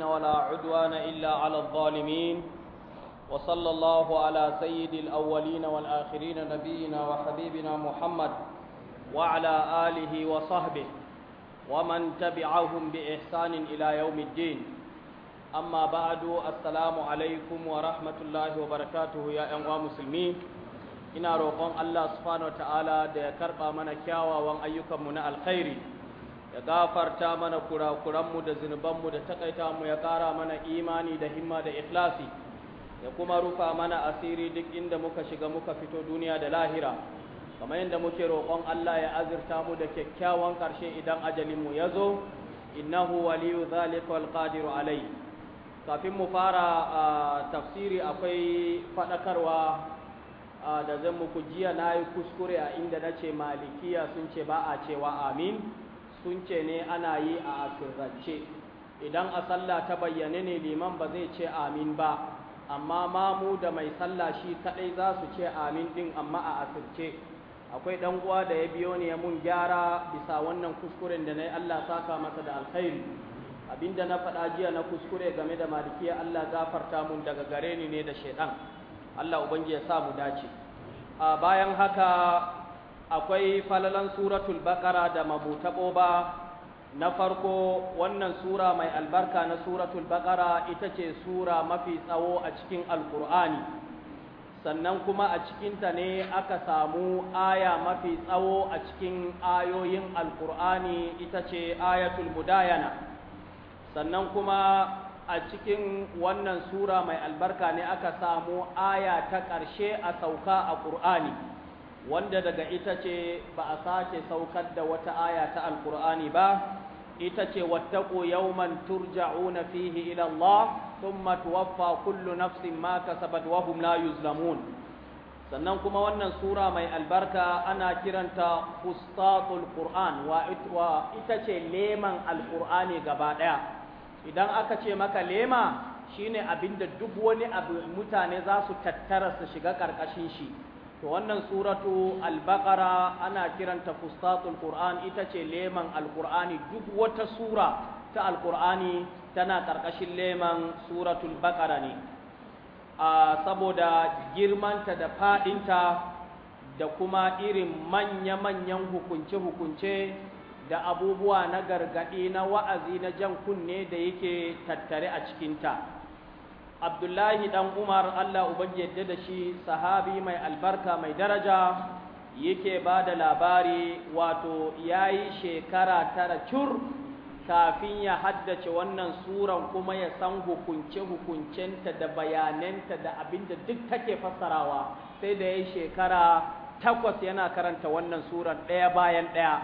ولا عدوان إلا على الظالمين وصلى الله على سيد الأولين والآخرين نبينا وحبيبنا محمد وعلى آله وصحبه ومن تبعهم بإحسان إلى يوم الدين أما بعد السلام عليكم ورحمة الله وبركاته يا أنواع مسلمين ina roƙon Allah subhanahu wataala da ya karɓa mana kyawawan ayyukanmu na alkhairi ya gafarta mana kurakuranmu da zunubanmu da takaita mu ya kara mana imani da himma da ikhlasi ya kuma rufa mana asiri duk inda muka shiga muka fito duniya da lahira kamar yadda muke roƙon Allah ya azirta mu da kyakkyawan ƙarshe idan ajalinmu ya zo innahu waliyu zalika wal qadiru alai kafin mu fara tafsiri akwai faɗakarwa da zan muku jiya na yi kuskure a inda nace ce malikiya sun ce ba a cewa amin sun ce ne ana yi a asirrance idan a sallah ta bayyane ne liman ba zai ce amin ba amma mamu da mai sallah shi kadai za su ce amin din amma a asirce akwai dan uwa da ya biyo ne mun gyara bisa wannan kuskuren da na yi Allah saka masa da alkhairi abinda na faɗa jiya na kuskure game da malikiya Allah gafarta mun daga gare ni ne da shaidan Allah ubangiji ya sa mu dace a bayan haka akwai falalan suratul baqara da mabuta ba na farko wannan sura mai albarka na suratul baqara ita ce sura mafi tsawo a cikin alkur'ani sannan kuma a cikinta ne aka samu aya mafi tsawo a cikin ayoyin alkur'ani ita ce ayatul mudayana sannan kuma a cikin wannan sura mai albarka ne aka samu aya ta ƙarshe a sauka a ƙur'ani wanda daga ita ce ba a sake saukar da wata aya ta alkur'ani ba ita ce turja'u yawman turja'una fihi ila Allah thumma tuwaffa kullu nafsin ma kasabat wa hum la yuzlamun sannan kuma wannan sura mai albarka ana kiranta fustatul qur'an wa ita ce leman alkur'ani gaba daya idan aka ce maka lema shine abinda duk wani abu mutane za su tattara su shiga karkashin shi to wannan suratu al-baqara ana kiranta fustatul qur'an ita ce leman al-qur'ani duk wata sura ta al-qur'ani tana karkashin leman suratul baqara ne a saboda girmanta da fadinta da kuma irin manya-manyan hukunce-hukunce da abubuwa na gargadi na wa'azi na jan kunne da yake tattare a cikinta abdullahi dan umar allah ubangi yadda da shi sahabi mai albarka mai daraja yake ba da labari wato ya yi shekara tara cur kafin ya haddace wannan suran kuma ya san hukunce-hukuncenta da bayananta da abinda duk take fassarawa sai da ya yi shekara takwas yana karanta wannan suran ɗaya bayan ɗaya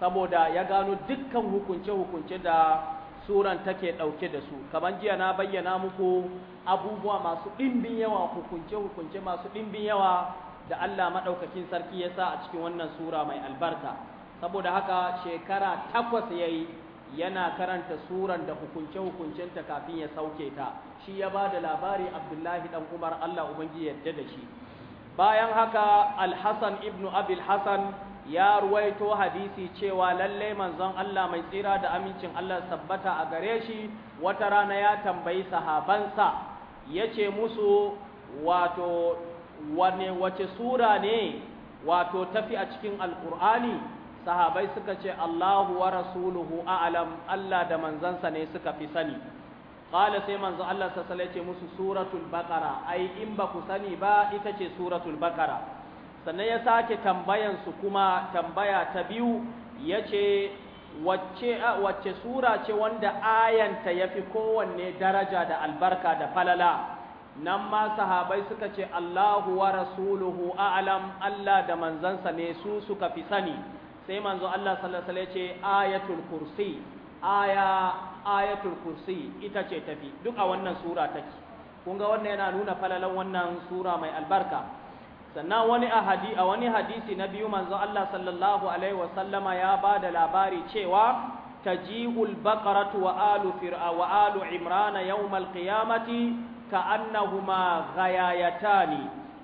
saboda ya gano dukkan hukunce-hukunce da suran take ɗauke da su kamar jiya na bayyana muku abubuwa masu ɗimbin yawa hukunce-hukunce masu ɗimbin yawa da Allah maɗaukakin sarki ya sa a cikin wannan sura mai albarka saboda haka shekara takwas ya yi yana karanta suran da hukunce-hukuncenta kafin ya sauke ta shi ya ba da labari abdullahi ɗan umar Allah ubangi yadda da shi bayan haka alhassan ibnu abil hassan ya ruwaito hadisi cewa lallai manzon Allah mai tsira da amincin Allah tabbata a gare shi wata rana ya tambayi sahabansa yace musu wato wane wace sura ne wato tafi a cikin Alkur'ani? sahabai suka ce Allahu wa rasuluhu a'lam Allah da manzansa ne suka fi sani qala sai manzon Allah sallallahu alaihi wasallam ya ce musu suratul baqara ai in ba ku sani ba ita ce suratul baqara sannan ya sake tambayansu kuma tambaya ta biyu ya ce wacce sura ce wanda ayanta yafi kowanne daraja da albarka da falala nan ma sahabai suka ce Allahu wa rasuluhu a'lam Allah da manzansa ne su suka fi sani sai manzo Allah sallallahu alaihi wasallam ya ce ayatul kursi aya ayatul kursi ita ce tafi duk a wannan sura take kun ga wannan yana nuna falalan wannan sura mai albarka sannan wani a wani hadisi na biyu manzo Allah sallallahu alaihi wasallama ya ba da labari cewa taji'ul baqaratu wa alu fir'a wa alu imrana yawmal qiyamati ka'annahuma ghayayatani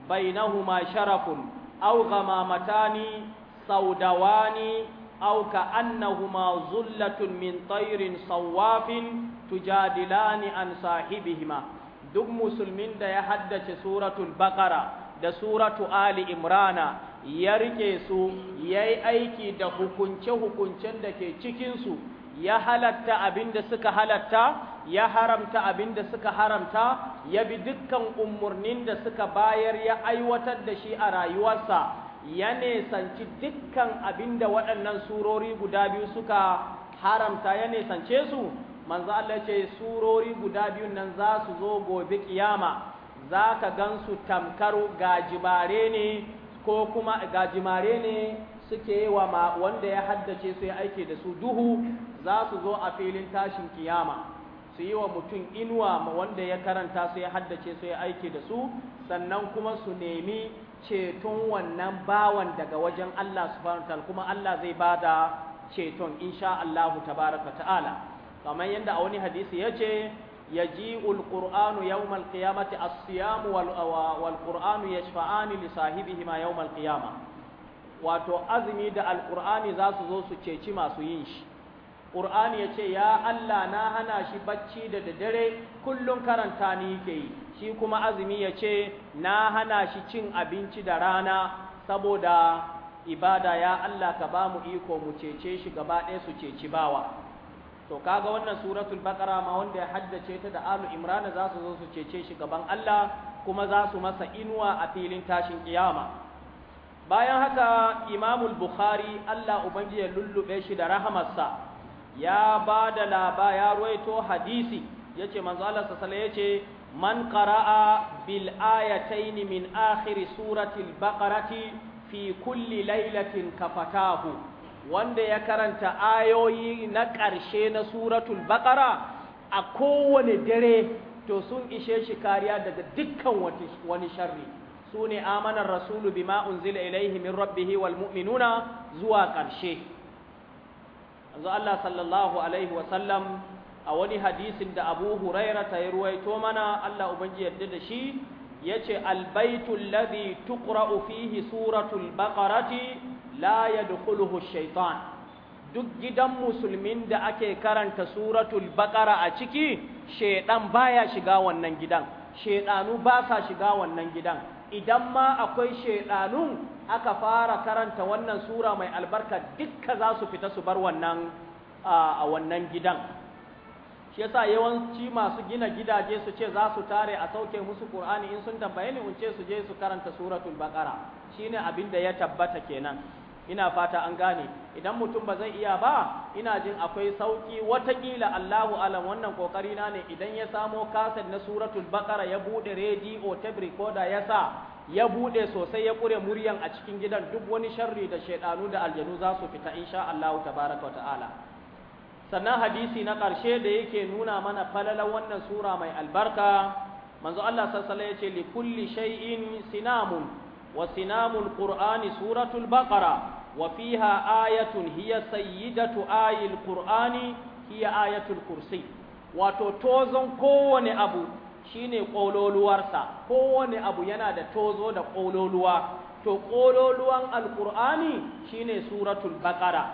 bainahuma sharafun aw ghamamatani saudawani aw ka'annahuma zullatun min tayrin sawafin tujadilani an sahibihima duk musulmin da ya haddace suratul baqara da suratu Ali Imrana ya rike su yayi aiki da hukunce-hukuncen da ke cikinsu ya halatta abin da suka halatta ya haramta abin da suka haramta ya bi dukkan umarnin da suka bayar ya aiwatar da shi a rayuwarsa ya nesanci dukkan abin da waɗannan surori guda biyu suka haramta ya nesance su manzo Allah ce surori guda biyun nan za su zo gobe kiyama za ka gan su tamkar gajimare ne ko kuma gajimare ne suke wa wanda ya haddace su ya aike da su duhu za su zo a filin tashin kiyama su yi wa mutum inuwa ma wanda ya karanta su ya haddace su ya aike da su sannan kuma su nemi ceton wannan bawan daga wajen Allah subhanahu ta'ala kuma Allah zai ba da ceton insha Allah tabaraka ta'ala kamar yadda a wani hadisi yace يجيء القرآن يوم القيامة الصيام والقرآن يشفعان لصاحبهما يوم القيامة wato azumi da alkur'ani za su zo su ceci masu yin shi ƙur'ani ya ce ya Allah na hana shi bacci da dare kullum karanta ni yake shi kuma azumi ya ce na hana shi cin abinci da rana saboda ibada ya Allah ka ba mu iko mu cece shi gaba ɗaya su ceci bawa to kaga wannan suratul baqara ma wanda ya haddace ta da alu imran za su zo su cece shi gaban Allah kuma za su masa inuwa a filin tashin kiyama bayan haka imamul bukhari Allah ubangiji ya lullube shi da rahamarsa ya ba da laba ya ruwaito hadisi yace manzo Allah sallallahu yace man qara'a bil ayatayn min akhir suratil baqarati fi kulli lailatin kafatahu wanda ya karanta ayoyi na ƙarshe na suratul baƙara a kowane dare to sun ishe shi kariya daga dukkan wani sharri su ne amanar rasulu bima zila ilaihi min rabbihi wal mu'minuna zuwa ƙarshe yanzu Allah sallallahu alaihi wasallam a wani hadisin da abu huraira ta yi ruwaito mana Allah ubangi yadda da shi ya ce albaitul ladhi tuqra'u fihi suratul baƙarati la yadkhuluhu shaitan duk gidan musulmin da ake karanta suratul baqara a ciki shedan baya shiga wannan gidan shedanu ba sa shiga wannan gidan idan ma akwai shedanu aka fara karanta wannan sura mai albarka dukka za su fita su bar wannan a wannan gidan shi yasa yawanci masu gina gidaje su ce za su tare a sauke musu Qur'ani in sun tambaye ni in ce su je su karanta suratul baqara shine abin da ya tabbata kenan ina fata an gane idan mutum ba zai iya ba ina jin akwai sauki watakila Allahu alam wannan kokarina na ne idan ya samo kaset na suratul baqara ya bude radio tape recorder ya sa ya bude sosai ya kure muryan a cikin gidan duk wani sharri da shedanu da aljanu za su fita insha Allahu tabaraka wa ta'ala sannan hadisi na ƙarshe da yake nuna mana falala wannan sura mai albarka manzo Allah sallallahu alaihi wasallam ya ce li kulli shay'in sinamun wa sinamul qur'ani suratul baqara وفيها hiya هي سيدة آي القرآن هي آية الكرسي وتوزن كون abu shine ƙololuwarsa kowane abu yana da tozo da ƙololuwa to ƙololuwan alƙur'ani shine suratul baƙara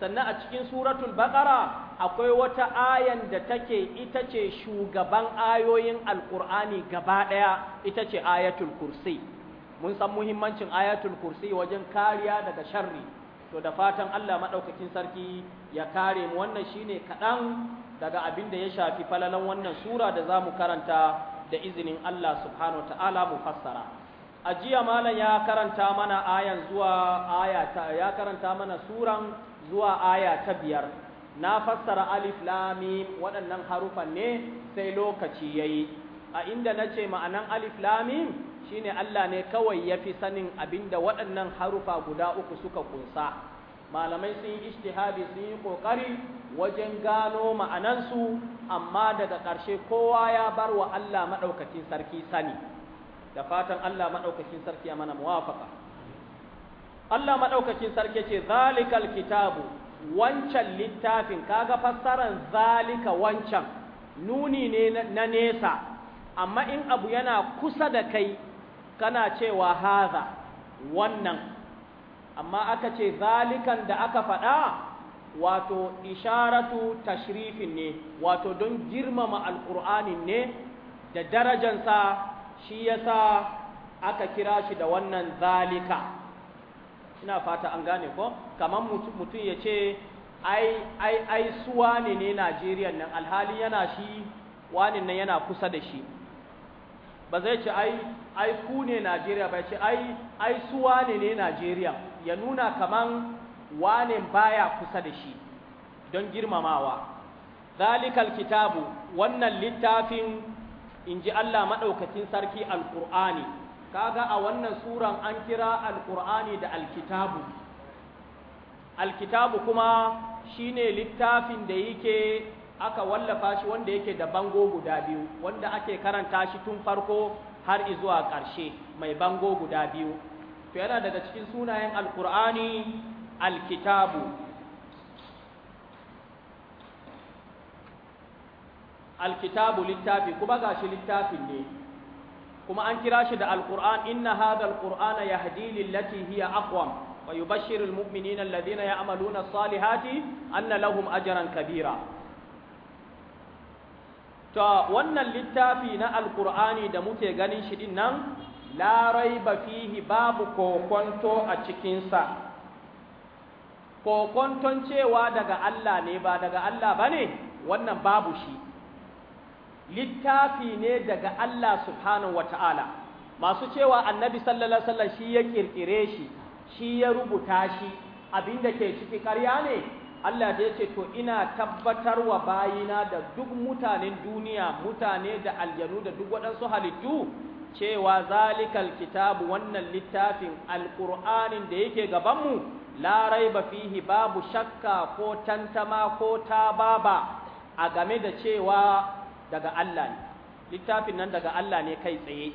sannan a cikin suratul baƙara akwai wata ayan da take ita ce shugaban ayoyin alƙur'ani gaba ɗaya ita ce ayatul kursi mun san muhimmancin ayatul kursi wajen kariya daga sharri to da fatan Allah madaukakin sarki ya kare mu wannan shine kadan daga abin da ya shafi falalan wannan sura da zamu karanta da izinin Allah subhanahu ta'ala mu fassara a jiya malam ya karanta mana ayan zuwa aya ta ya karanta mana suran zuwa aya ta biyar na fassara alif lam mim waɗannan harufan ne sai lokaci yayi a inda nace ma'anan alif lam mim shine Allah ne kawai ya fi sanin abinda waɗannan harufa guda uku suka kunsa malamai sun yi ijtihadi sun yi ƙoƙari wajen gano ma'anansu amma daga ƙarshe kowa ya bar wa Allah maɗaukakin sarki sani da fatan Allah maɗaukakin sarki ya mana muwafaka Allah maɗaukakin sarki ce zalikal kitabu wancan littafin kaga fassaran zalika wancan nuni ne na nesa amma in abu yana kusa da kai kana cewa haza wannan amma aka ce zalikan da aka faɗa wato isharatu tashrifin ne wato don girmama alƙur'anin ne da darajansa shi yasa aka kira shi da wannan zalika ina fata an gane ko kamar mutum ya ce ai ai ai suwa ne ne Najeriya nan alhali yana shi wani nan yana kusa da shi ba zai ce ai ai ku ne Najeriya ba ce ai ai su wane ne Najeriya ya nuna kaman wane baya kusa da shi don girmamawa zalikal kitabu wannan littafin inji Allah madaukakin sarki alqur'ani kaga a wannan suran an kira alqur'ani da alkitabu alkitabu kuma shine littafin da yake aka wallafa shi wanda yake da bango guda biyu wanda ake karanta shi tun farko har izuwa ƙarshe mai bango guda biyu to yana daga cikin sunayen alkur'ani alkitabu alkitabu littafi kuma gashi littafin ne kuma an kira shi da alkur'an inna hadha ya yahdi lillati hiya akwam, wa bashirin almu'minina alladhina ya amaluna salihati anna lahum ajaran kabira to wannan littafi na alkur'ani da muke ganin shi din nan la raiba fihi babu kokonto a cikinsa kokonton cewa daga Allah ne ba daga Allah bane wannan babu shi littafi ne daga Allah subhanahu wata'ala masu cewa annabi sallallahu alaihi wasallam shi ya kirkire shi shi ya rubuta shi abinda ke ciki karya ne Allah da ya ce to ina tabbatar wa bayina da duk mutanen duniya mutane da aljanu da duk waɗansu halittu cewa zalikal kitabu wannan littafin alƙur'anin da yake gabanmu Larai, raiba fihi babu shakka ko tantama ko tababa a game da cewa daga Allah ne littafin nan daga Allah ne kai tsaye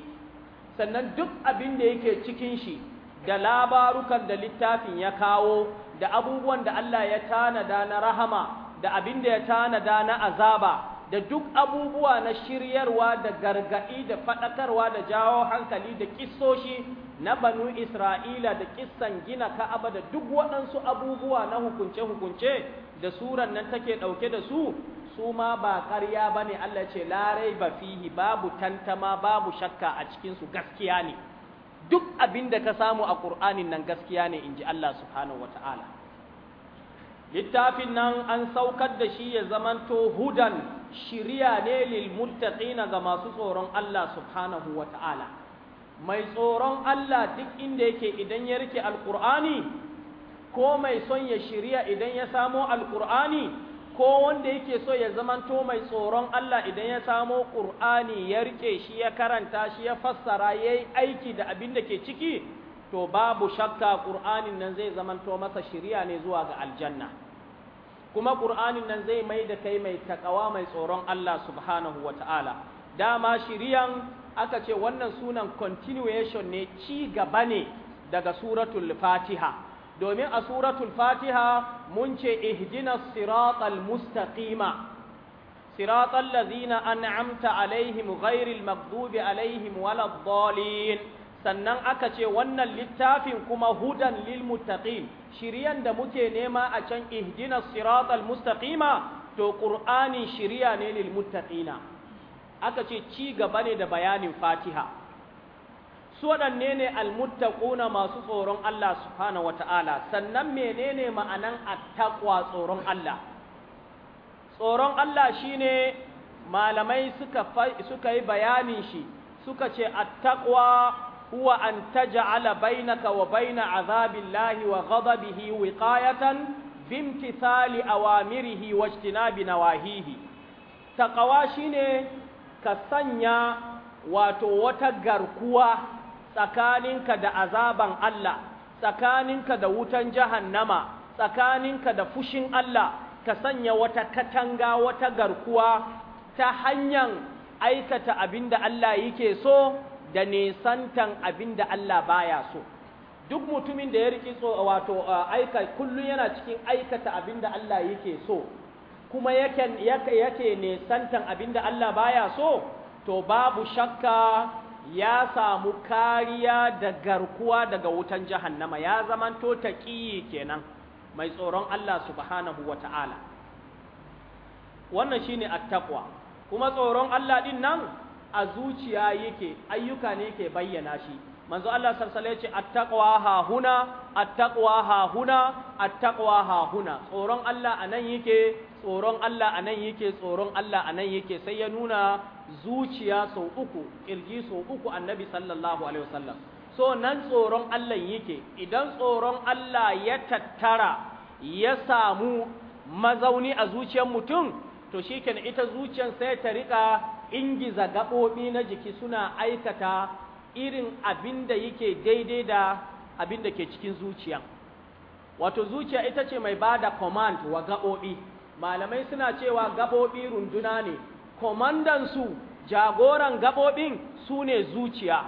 sannan duk abin da yake cikin shi da labarukan da littafin ya kawo da abubuwan da Allah ya tanada na rahama da abin da ya tanada na azaba da duk abubuwa na shiryarwa da gargaɗi da faɗakarwa da jawo hankali da kissoshi na banu Isra'ila da kissan gina Ka'aba da duk waɗansu abubuwa na hukunce-hukunce da suran nan take ɗauke da su su ma ba ƙarya ba ne Allah ce larai ba fihi babu tantama babu shakka a cikinsu gaskiya ne. duk abin da ka samu a ƙur'anin nan gaskiya ne in ji Allah subhanahu wa ta'ala littafin nan an saukar da shi ya zamanto hudan shiriya ne lil muttaqina ga masu tsoron Allah subhanahu wa ta'ala mai tsoron Allah duk inda yake idan ya rike alƙur'ani ko mai son ya shirya idan ya samo alƙur'ani ko wanda yake so ya zamanto mai tsoron Allah idan ya samo Qur'ani ya rike shi ya karanta shi ya fassara ya yi aiki da abin da ke ciki to babu shakka ƙur'anin nan zai zamanto masa shiriya ne zuwa ga aljanna kuma ƙur'anin nan zai mai da kai mai takawa mai tsoron Allah subhanahu wata'ala dama shiriyan aka ce wannan sunan continuation ne ci gaba ne daga suratul Fatiha domin a suratul fatiha mun ce ihdina siratal mustaqima siratal ladzina an'amta alaihim ghairil maghdubi alaihim waladdallin sannan aka ce wannan littafin kuma hudan lil muttaqin shiriyan da muke nema a can ihdina siratal mustaqima to qur'ani shiriya ne lil muttaqina aka ce ci gaba ne da bayanin fatiha su waɗanne ne almuttaquna masu tsoron Allah subhanahu wata'ala sannan menene ma'anan attaqwa tsoron Allah tsoron Allah shine malamai suka suka yi bayanin shi suka ce attaqwa huwa an taj'ala bainaka wa baina azabillahi wa ghadabihi wiqayatan bimtithali awamirihi wajtinabi nawahihi taqwa shine ka sanya wato wata garkuwa tsakaninka da azaban Allah tsakaninka da wutan jahannama tsakaninka da fushin Allah ka sanya wata katanga wata garkuwa ta hanyar aikata abin da Allah yake so da nesantan abin da Allah baya so duk mutumin da ya riki wato uh, aika kullun yana cikin aikata abin da Allah yake so kuma yake yake nesantan abin da Allah baya so to babu shakka ya samu kariya da garkuwa daga wutan jahannama ya zamanto taqiyi kenan mai tsoron Allah subhanahu wata'ala wannan shine attaqwa kuma tsoron Allah din nan a zuciya yake ayyuka ne ke bayyana shi manzo Allah sallallahu alaihi attaqwa ha huna attaqwa ha huna attaqwa ha huna tsoron Allah a anan yake tsoron Allah a nan yake tsoron Allah a nan yake sai ya nuna zuciya sau uku ƙirji sau uku annabi sallallahu alaihi wasallam so nan tsoron Allah yake idan tsoron Allah ya tattara ya samu mazauni a zuciyar mutum to shikenan ita zuciyar sai ta riƙa ingiza gaɓoɓi na jiki suna aikata irin abin da yake daidai da abin da ke cikin zuciya wato zuciya ita ce mai ba da command wa gaɓoɓi malamai suna cewa gabobi runduna ne komandan su jagoran gabobin su ne zuciya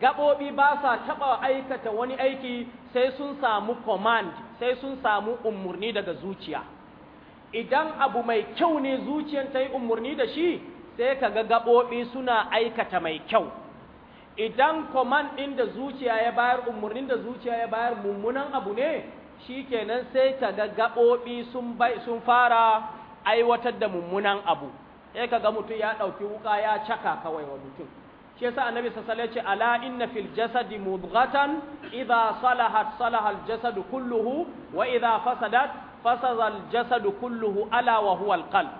gabobi ba sa taɓa aikata wani aiki sai sun samu command sai sun samu umarni daga zuciya idan abu mai kyau ne zuciyar ta yi umurni da shi sai ka ga gabobi suna aikata mai kyau idan command ɗin da zuciya ya bayar umurnin da zuciya ya bayar mummunan abu ne shikenan sai ka ga gaɓoɓi sun fara aiwatar da mummunan abu sai ka ga mutum ya ɗauki wuƙa, ya caka kawai wa mutum shi yasa annabi sallallahu alaihi wasallam ala inna fil jasadi mudghatan idha salahat salaha al jasadu kulluhu wa idha fasadat fasada al jasadu kulluhu ala wa huwa al qalb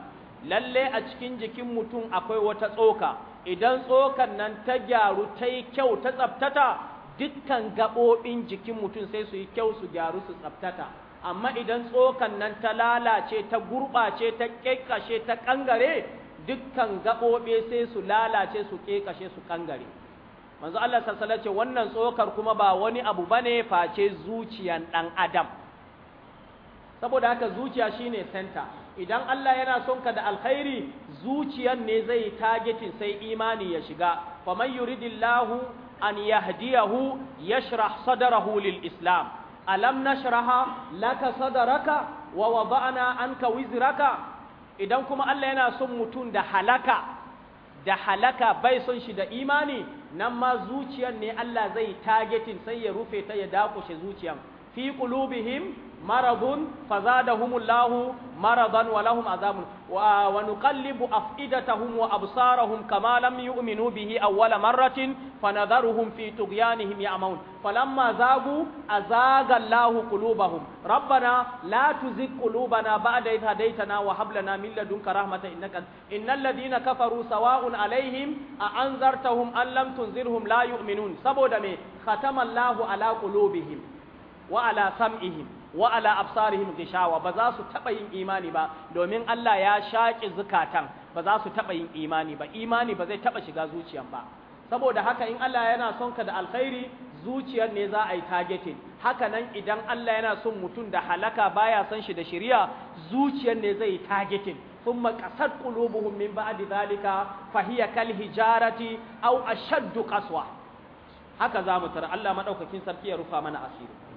lalle a cikin jikin mutum akwai wata tsoka idan tsokan nan ta gyaru ta yi kyau ta tsaftata dukkan gaɓoɓin jikin mutum sai su yi kyau su gyaru su tsaftata amma idan tsokan nan ta lalace ta gurɓace ta ƙeƙashe ta ƙangare dukkan gaɓoɓe sai su lalace su ƙeƙashe su ƙangare manzo Allah sassala ce wannan tsokar kuma ba wani abu bane face zuciyan ɗan adam saboda haka zuciya shine center idan Allah yana son ka da alkhairi zuciyan ne zai targetin sai imani ya shiga faman yuridillahu an yahdiyahu yashrah sadarahu lil islam alam nashraha laka sadaraka wa wada'na anka wizraka idan kuma Allah yana son mutum da halaka da halaka bai son shi da imani nan ma zuciyar ne Allah zai tagetin sai ya rufe ta ya dakushe zuciyar fi qulubihim maradun fazadahumullahu maradan wa lahum azabun wa nuqallibu afidatahum wa absarahum kama lam yu'minu bihi awwala marratin fanadharuhum fi tughyanihim ya'maun falamma zagu azaga Allahu qulubahum rabbana la tuzigh qulubana ba'da idh hadaytana wa hab lana min ladunka rahmatan innaka innal ladina kafaru sawa'un alaihim a anzartahum an lam tunzirhum la yu'minun saboda me khatama Allahu ala qulubihim wa ala sam'ihim wa ala absarihim gishawa ba za su taba yin imani ba domin Allah ya shaki zukatan ba za su taba yin imani ba imani ba zai taɓa shiga zuciyan ba saboda haka in Allah yana son ka da alkhairi zuciyar ne za a yi targeting haka nan idan Allah yana son mutum da halaka baya san shi da shari'a zuciyar ne zai yi targeting ثم قسد قلوبهم من بعد ذلك فهي كالهجارة أو أشد قسوة هكذا zamu الله ما أوكا sarki ya rufa mana أسيره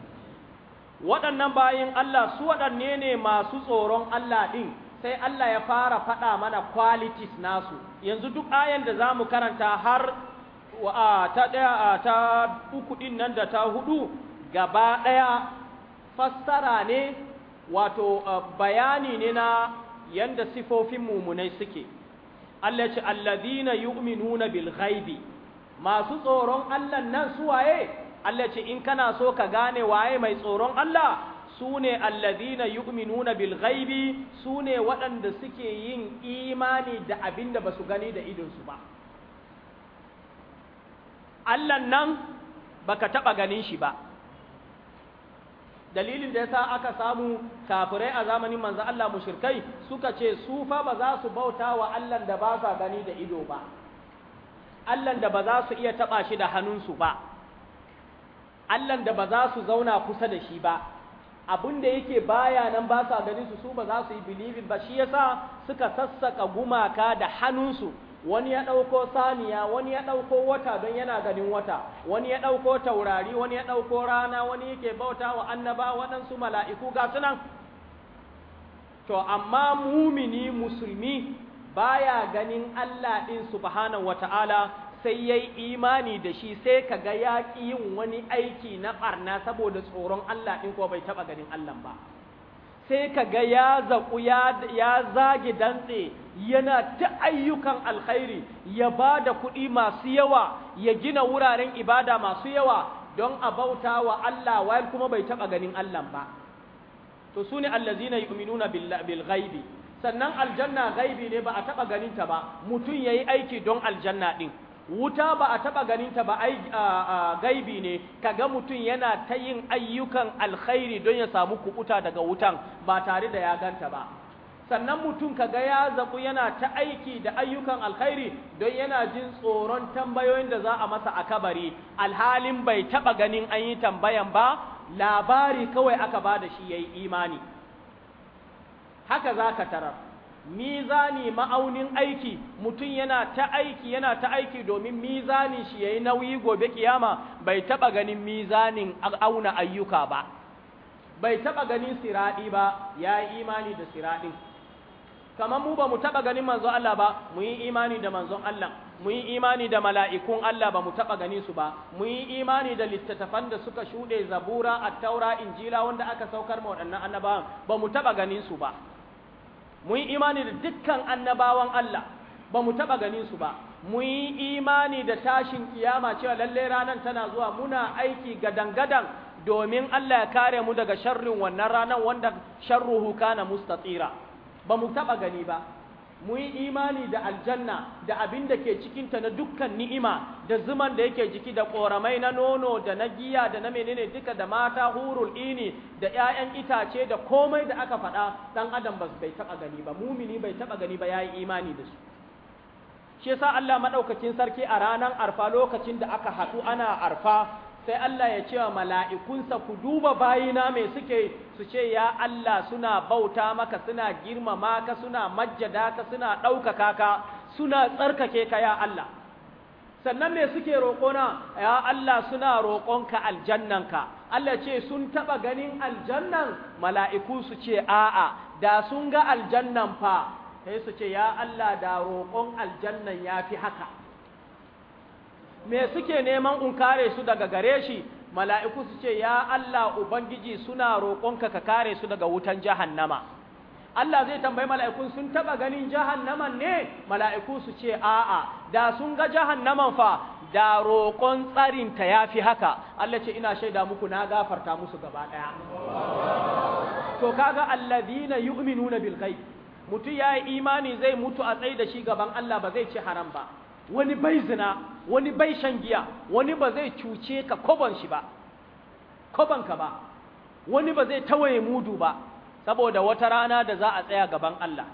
waɗannan bayan Allah su waɗanne ne masu tsoron Allah ɗin sai Allah ya fara faɗa mana qualities nasu yanzu duk ayan da za mu karanta har ta ɗaya ta uku ɗin nan da ta hudu gaba ɗaya fassara ne wato bayani ne na yanda sifofin mummunai suke Allah ce allazina yu'minuna bil ghaibi masu tsoron Allah nan suwaye Allah ce in kana so ka gane waye mai tsoron Allah su ne allazina yu'minuna bil ghaibi su ne waɗanda suke yin imani da abin da ba gani da idonsu ba Allah nan baka taɓa ganin shi ba dalilin da yasa aka samu kafirai a zamanin manzo Allah mushrikai suka ce su fa ba za su bauta wa Allah da ba sa gani da ido ba Allah da ba za su iya taɓa shi da hannunsu ba allah da ba za su zauna kusa da shi ba Abun da yake baya nan ba sa ganin su su ba za su yi believing ba shi yasa suka sassaka gumaka da hannunsu wani ya ɗauko saniya wani ya ɗauko wata don yana ganin wata wani ya ɗauko taurari wani ya ɗauko rana wani yake bauta wa annaba waɗansu mala'iku ga sunan to amma mumini musulmi baya ganin Allah ɗin subhanahu wata'ala sai ya yi imani da shi sai ka ga ya ƙi yin wani aiki na ɓarna saboda tsoron Allah in ko bai taɓa ganin Allah ba sai ka ga ya zaƙu ya zagi dantse yana ta ayyukan alkhairi ya ba da kuɗi masu yawa ya gina wuraren ibada masu yawa don a bauta wa Allah wayar kuma bai taɓa ganin Allah ba to su ne allazina yu'minuna bil ghaibi sannan aljanna ghaibi ne ba a taɓa ganin ta ba mutum yayi aiki don aljanna ɗin wuta ba a taɓa ganinta ba gaibi ne kaga mutum yana ta yin ayyukan alkhairi don ya samu kubuta daga wutan ba tare da ya ganta ba sannan mutum kaga ya zaku yana ta aiki da ayyukan alkhairi don yana jin tsoron tambayoyin da za a masa a kabari alhalin bai taɓa ganin an yi tambayan ba labari kawai aka ba da shi ya yi imani haka za ka tarar mizani ma'aunin aiki mutum yana ta aiki yana ta aiki domin mizani shi yayi nauyi gobe kiyama bai taba ganin mizanin auna ayyuka ba bai taba ganin siradi ba yayi imani da siradin kamar mu ba mu taba ganin manzon Allah ba mu yi imani da manzon Allah mu yi imani da mala'ikun Allah ba mu taba ganin su ba mu yi imani da littattafan da suka shuɗe zabura taura injila wanda aka saukar ma waɗannan annabawan ba mu taba ganin su ba mu yi imani da dukkan annabawan Allah ba mu taɓa ganin su ba mu yi imani da tashin kiyama cewa lallai ranar tana zuwa muna aiki gadan-gadan domin Allah ya kare mu daga sharrin wannan ranar wanda sharruhu kana mustatira ba mu taɓa gani ba mu yi imani da aljanna da abin da ke cikinta na dukkan ni'ima da zuman da yake jiki da ƙoramai na nono da na giya da na menene duka da mata hurul ini da 'ya'yan itace da komai da aka faɗa ɗan adam ba bai taɓa gani ba mumini bai taɓa gani ba ya yi imani da su shi yasa Allah madaukakin sarki a ranar arfa lokacin da aka haɗu ana arfa sai Allah ya ce wa mala'ikunsa ku duba bayina me suke su ce ya Allah suna bauta maka suna girmama ka suna majjada ka suna ɗaukaka ka suna tsarkake ka ya Allah sannan me suke roƙona ya Allah suna roƙonka aljannanka Allah ce sun taɓa ganin aljannan mala'iku su ce a'a da sun ga aljannan fa sai su ce ya Allah da roƙon aljannan ya fi haka me suke neman in kare su daga gare shi mala'iku su ce ya Allah ubangiji suna roƙonka ka kare su daga wutan jahannama Allah zai tambayi mala'ikun sun taɓa ganin jahannaman ne mala'iku su ce a'a da sun ga jahannaman fa da roƙon tsarin ta yafi haka Allah ce ina shaida muku na gafarta musu gaba ɗaya to kaga alladhina yu'minuna Bilkai. Mutum ya yayi imani zai mutu a tsaye da shi gaban Allah ba zai ci haram ba wani bai zina wani bai shan giya wani ba zai cuce ka koban shi ba koban ba wani ba zai tawaye mudu ba saboda wata rana da za a tsaya gaban Allah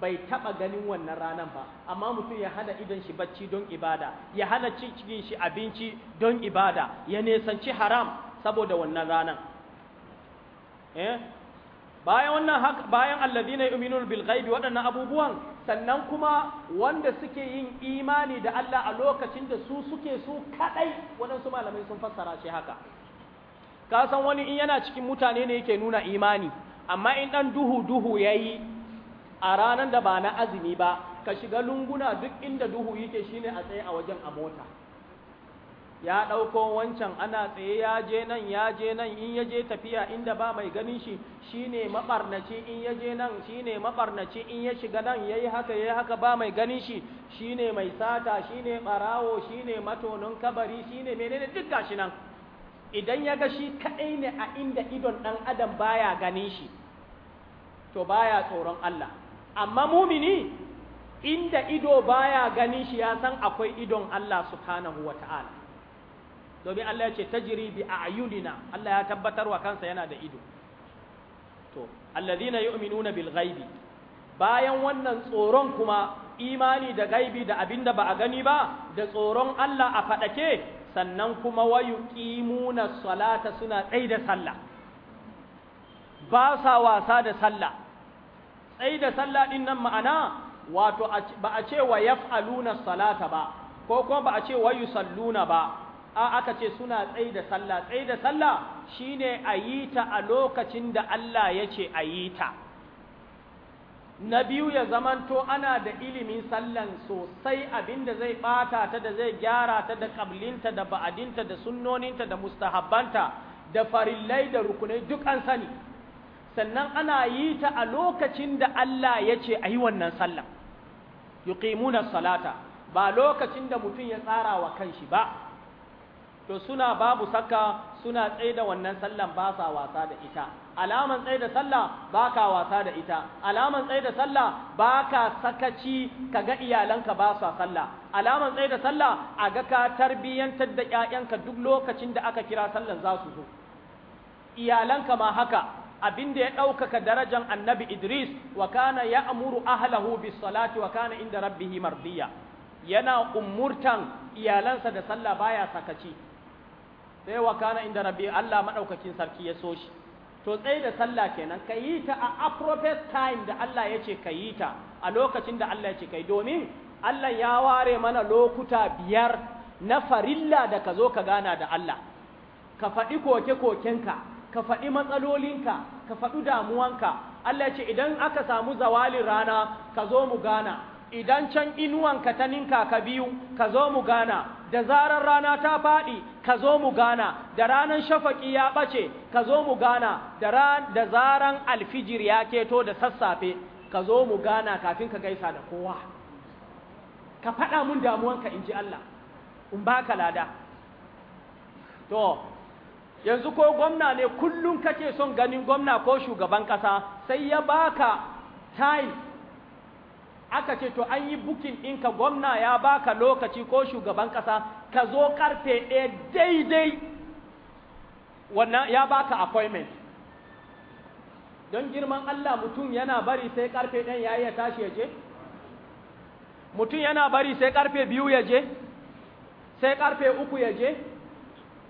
bai taba ganin wannan ranan ba amma mutum ya hana idan shi bacci don ibada ya hana cikin shi abinci don ibada ya nesanci haram saboda wannan ranan eh bayan wannan bayan alladhina yu'minun bil ghaibi waɗannan abubuwan sannan kuma wanda suke yin imani da Allah a lokacin da su suke su kadai waɗansu malamai sun fassara shi haka ka san wani in yana cikin mutane ne yake nuna imani amma in dan duhu duhu yayi a ranar da ba na azumi ba ka shiga lunguna duk inda duhu yake shine a tsaye a wajen a mota ya ɗauko wancan ana tsaye ya je nan ya je nan in ya je tafiya inda ba mai ganin shi shine mabarnaci in ya je nan shine mabarnaci in ya shiga nan yayi haka yayi haka ba mai ganin shi shine mai sata shine barawo shine matonin kabari shine menene duk gashi nan idan ya ga shi kadai ne a inda idon dan adam baya ganin shi to baya tsoron Allah amma mumini inda ido baya ganin shi ya san akwai idon Allah subhanahu wataala domin Allah ya ce tajri bi a'yunina Allah ya tabbatar wa kansa yana da ido to alladhina yu'minuna bil ghaibi bayan wannan tsoron kuma imani da gaibi da abinda ba a gani ba da tsoron Allah a fadake sannan kuma ƙimuna salata suna tsai da sallah ba sa wasa da sallah tsai da sallah din nan ma'ana wato ba a ce wa yaf'aluna salata ba ko kuma ba a ce wa yusalluna ba A'a, aka ce suna tsaye da sallah tsaye da sallah shine a yi ta a lokacin da Allah ya ce a yi ta na biyu ya zamanto ana da ilimin sallan sosai abinda zai bata ta da zai gyara ta da kablinta da ba'adinta da sunnoninta da mustahabbanta da farillai da rukunai duk an sani sannan ana yi ta a lokacin da Allah ya ce a yi wannan sallan yuqimuna salata ba lokacin da mutum ya tsara wa kanshi ba to suna babu saka suna tsaida wannan sallan ba sa wasa da ita alaman tsaida sallah ba ka wasa da ita alaman tsaida sallah ba ka sakaci ka ga iyalanka ba sa sallah alaman tsaida sallah a ga ka tarbiyyantar da ƴaƴanka duk lokacin da aka kira sallan za su zo iyalanka ma haka abinda ya ɗaukaka darajan annabi Idris wa kana ya amuru ahlahu bis salati wa kana inda rabbihi mardiya yana umurtan iyalansa da sallah baya sakaci sai wa kana inda rabbi Allah madaukakin sarki ya so shi to tsaye da sallah kenan ka yi ta a appropriate time da Allah ya ce ka yi ta a lokacin da Allah ya ce ka yi domin Allah ya ware mana lokuta biyar na farilla da ka zo ka gana da Allah ka faɗi koke-kokenka ka faɗi matsalolinka ka faɗi damuwanka Allah ya ce idan aka samu zawalin rana ka zo mu gana idan can inuwanka ta ninka ka biyu ka zo mu gana da zarar rana ta faɗi ka zo mu gana da ranar shafaƙi ya ɓace ka zo mu gana da zaran alfijir ya keto da sassafe ka zo mu gana kafin ka gaisa da kowa ka faɗa mun damuwanka in ji Allah in ba ka lada to yanzu ko gwamna ne kullum kake son ganin gwamna ko shugaban ƙasa sai ya baka time aka ce to an yi bukin in ka gwamna ya baka lokaci ko shugaban ƙasa ka zo karfe ɗaya daidai wannan ya baka appointment don girman Allah mutum yana bari sai karfe ɗan ya ya tashi ya je mutum yana bari sai karfe biyu ya je sai karfe uku ya je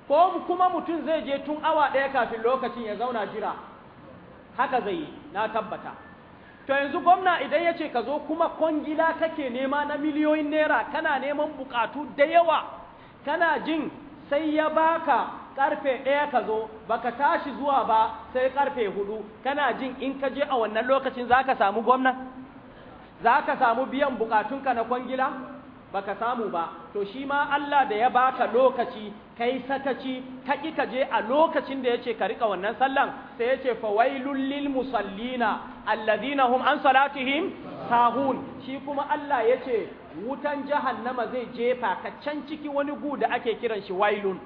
ko kuma mutum zai je tun awa ɗaya kafin lokacin ya zauna jira haka zai yi na tabbata to yanzu gwamna idan ya ce ka zo kuma kwangila kake nema na miliyoyin naira kana neman bukatu da yawa kana jin sai ya baka karfe ɗaya ka zo ka tashi zuwa ba sai karfe hudu kana jin in ka je a wannan lokacin za ka samu gwamna za ka samu biyan bukatunka na kwangila baka samu ba to shi ma Allah da ya baka lokaci kai sakaci ka ki ka je a lokacin da yace ka rika wannan sallan sai yace fawailul lil musallina alladhina hum an salatihim sahun shi kuma Allah yace wutan jahannama zai jefa ka can ciki wani gu da ake kiran shi wailun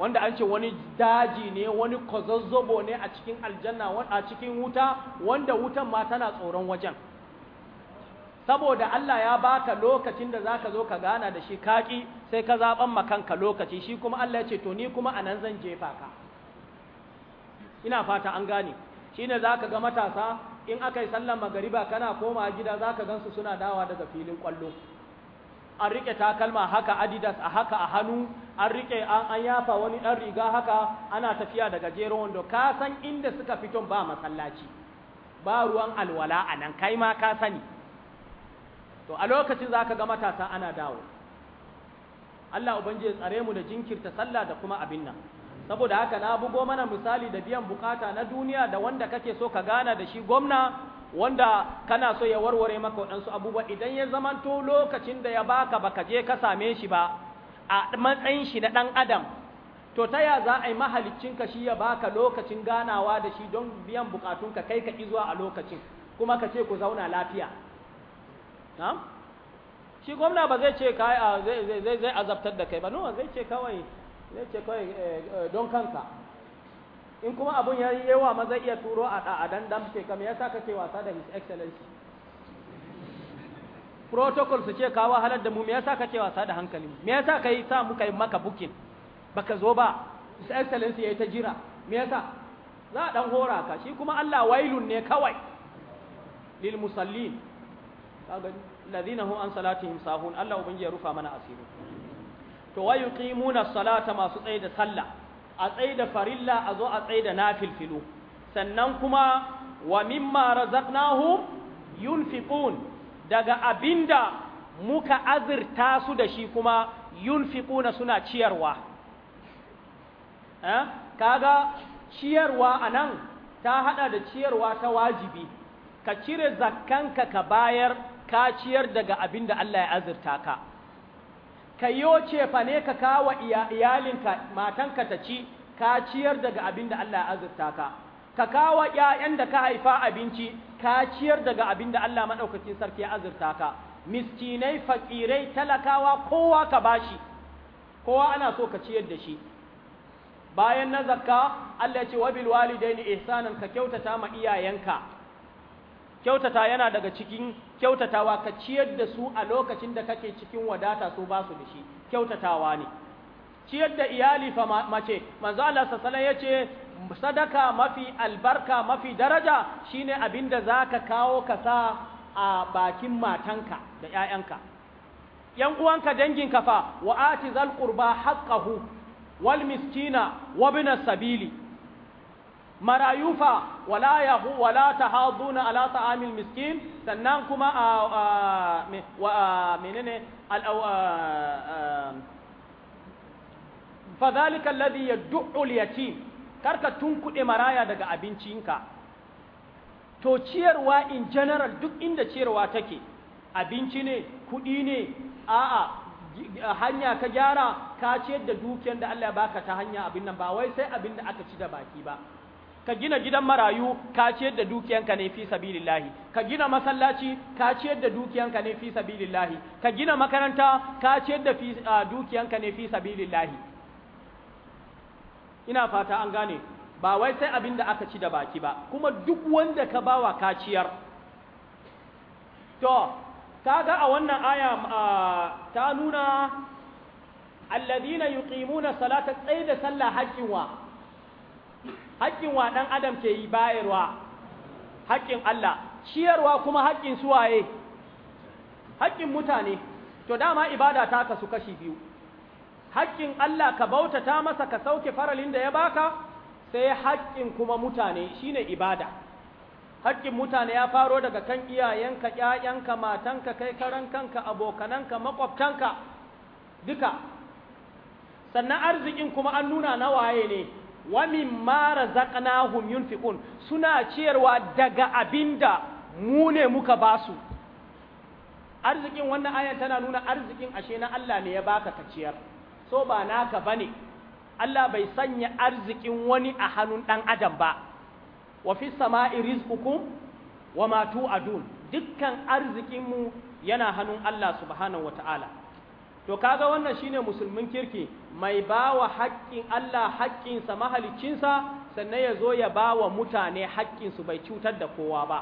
wanda an ce wani daji ne wani kozozzobo ne a cikin aljanna a cikin wuta wanda wutan ma tana tsoron wajen saboda Allah ya baka lokacin da zaka zo ka gana da shi kaki sai ka zaban makanka lokaci shi kuma Allah ya ce to ni kuma anan zan jefa ka ina fata an gane shine zaka ga matasa in akai sallar magariba kana koma gida zaka gansu suna dawa daga filin kwallo an rike takalma haka adidas a haka a hannu an rike an yafa wani dan riga haka ana tafiya daga jerin wando ka san inda suka fito ba masallaci ba ruwan alwala anan kai ma ka sani to a lokacin za ka ga matasa ana dawo Allah ubangiji tsare mu da jinkirta sallah da kuma abin nan saboda haka na bugo mana misali da biyan bukata na duniya da wanda kake so ka gana da shi gwamna wanda kana so ya warware maka waɗansu abubuwa idan ya zamanto lokacin da ya baka baka je ka same shi ba a matsayin shi na ɗan adam to ta ya za a yi mahaliccinka shi ya baka lokacin ganawa da shi don biyan bukatunka kai ka ki zuwa a lokacin kuma ka ce ku zauna lafiya na'am shi gwamna ba zai ce kai zai zai azabtar da kai ba no zai ce kawai zai ce kawai eh, eh, don kanka in kuma abun ya yi yawa ma zai iya turo a da'adan damfe kam ya sa kake wasa da his excellency protocol su ce kawo halar da mu me yasa kake wasa da hankali me yasa kai sa muka yi maka bukin baka zo ba his excellency yayi ta jira me yasa za a dan hora ka shi kuma Allah wailun ne kawai lil musallin ladina hum an salatihim sahun Allah ubangiji ya rufa mana asiri to wa yuqimuna salata masu tsaye da sallah a tsaye da farilla a zo a tsaye da nafilfilu sannan kuma wa mimma razaqnahum yunfiqun daga abinda muka azirta su da shi kuma yunfiquna suna ciyarwa eh kaga ciyarwa anan ta hada da ciyarwa ta wajibi ka cire zakkanka ka bayar ka ciyar daga abin da Allah ya azurta ka ka yoce fa ne ka kawo iyalinka matanka ta ci ka ciyar daga abin da Allah ya azurta ka ka kawo 'ya'yan da ka haifa abinci ka ciyar daga abin da Allah madaukakin sarki ya azurta ka miskinai fakirai talakawa kowa ka bashi kowa ana so ka ciyar da shi bayan na zakka Allah ya ce wa bil walidaini ihsanan ka kyautata ma iyayenka kyautata yana daga cikin kyautatawa ka ciyar da su a lokacin da kake cikin wadata su ba su da shi kyautatawa ne ciyar da iyali fa mace manzo Allah sallallahu alaihi yace sadaka mafi albarka mafi daraja shine abinda zaka kawo ka sa a bakin matanka da ƴaƴanka yan uwanka ka fa wa ati zal qurba haqqahu wal miskina wa bin sabili marayu fa wala yahu wala tahaduna ala ta'amil miskin sannan kuma wa menene al fadhalika alladhi yad'u al-yatim karka tunkuɗe maraya daga abincinka to ciyarwa in general duk inda ciyarwa take abinci ne kuɗi ne a'a hanya ka gyara ka ciyar da dukiyar da Allah ya baka ta hanya abin nan ba wai sai abin da aka ci da baki ba ka gina gidan marayu ka ciyar da dukiyanka ne fi sabilillahi ka gina masallaci ka ciyar da dukiyanka ne fi sabilillahi ka gina makaranta ka ciyar da dukiyanka ne fi sabilillahi ina fata an gane ba wai sai abin da aka ci da baki ba kuma duk wanda ka bawa ka ciyar to kaga a wannan aya ta nuna alladhina yuqimuna salata tsaida sallah haqqin wa haƙƙin wa ɗan adam ke yi bayarwa haƙƙin Allah ciyarwa kuma haƙƙin suwaye haƙƙin mutane to dama ibada ta kasu kashi biyu haƙƙin Allah ka bautata masa ka sauke faralin da ya baka sai haƙƙin kuma mutane shine ibada haƙƙin mutane ya faro daga kan iyayenka 'ya'yanka, matanka kai karan kanka abokananka makwabtanka duka sannan arzikin kuma an nuna na waye ne wa mimma razaqnahum yunfiqun suna ciyarwa daga abinda mu ne muka basu arzikin wannan ayan tana nuna arzikin ashe na Allah ne ya baka ka ciyar so ba naka bane Allah bai sanya arzikin wani a hannun dan adam ba wa fi sama'i rizqukum wa ma tu'adun dukkan arzikin mu yana hannun Allah subhanahu wataala to kaga wannan shine musulmin kirki mai bawa haƙƙin Allah haƙƙinsa mahalicinsa sannan ya zo ya bawa mutane haƙƙinsu bai cutar da kowa ba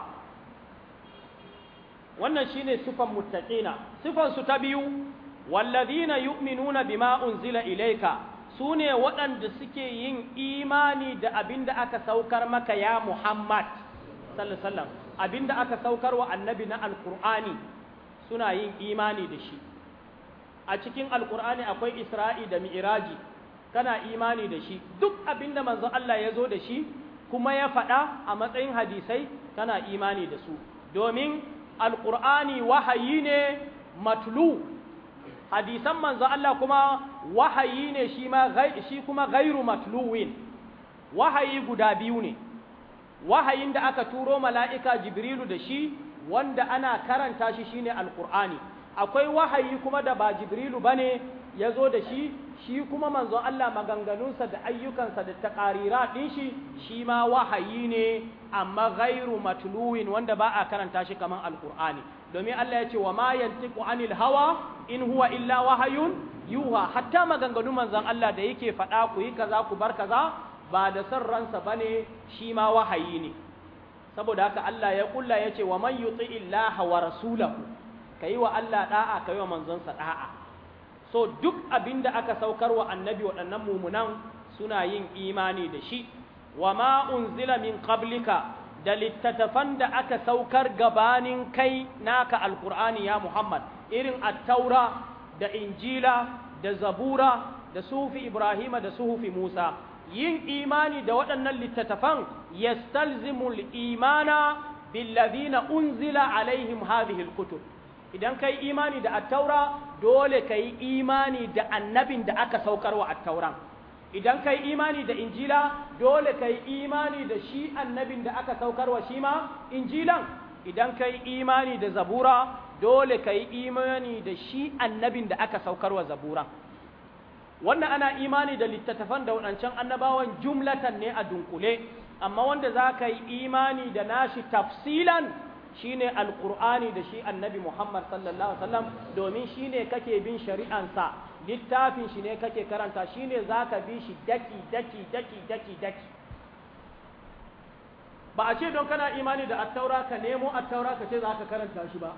wannan shine sifan muttaqina sifan ta biyu wallazina yu'minuna bima unzila ilayka sune waɗanda suke yin imani da abinda aka saukar maka ya Muhammad sallallahu alaihi abinda aka saukar wa annabi na alkur'ani suna yin imani da shi a cikin alkur'ani akwai isra'i da mi'iraji kana imani da shi duk abinda manzon Allah ya zo da shi kuma ya faɗa a matsayin hadisai kana imani da su domin alkur'ani wahayi ne matlu hadisan manzon Allah kuma wahayi ne shi ma shi kuma gairu matluwin wahayi guda biyu ne wahayin da aka turo mala'ika jibrilu da shi wanda ana karanta shi shine alkur'ani akwai wahayi kuma da ba jibrilu bane ya zo da shi shi kuma manzo Allah maganganunsa da ayyukansa da taƙarira ɗin shi shi ma wahayi ne amma ghairu matluwin wanda ba a karanta shi kaman alqur'ani domin Allah ya ce wa ma yantiqu anil hawa in huwa illa wahayun yuha hatta maganganun manzon Allah da yake faɗa ku yi kaza ku bar kaza ba da san ransa bane shi ma wahayi ne saboda haka Allah ya kulla ya ce wa man yuti illaha wa rasulahu ka yi wa Allah ɗa'a ka yi wa manzonsa ɗa'a. so duk abin da aka saukar wa annabi waɗannan mumunan suna yin imani da shi wa ma unzila min qablika da littattafan da aka saukar gabanin kai naka alkur'ani ya muhammad irin attaura da injila da zabura da sufi ibrahima da sufi musa yin imani da waɗannan littattafan yastalzimul imana billazina unzila alaihim hadhihi alkutub idan yi imani da attaura dole yi imani da annabin da aka saukar wa attauran idan yi imani da injila dole yi imani da shi annabin da aka saukar wa shi ma injilan idan yi imani da zabura dole yi imani da shi annabin da aka saukar wa zabura wannan ana imani da littattafan da waɗancan annabawan jumlatan ne a dunkule amma wanda za ka yi imani da nashi tafsilan shine alqur'ani da shi annabi Muhammad sallallahu alaihi wasallam domin shine kake bin shari'ansa littafin shi ne kake karanta shine zaka bi shi daki daki daki daki daki ba a ce don kana imani da attaura ka nemo attaura ka ce zaka karanta shi ba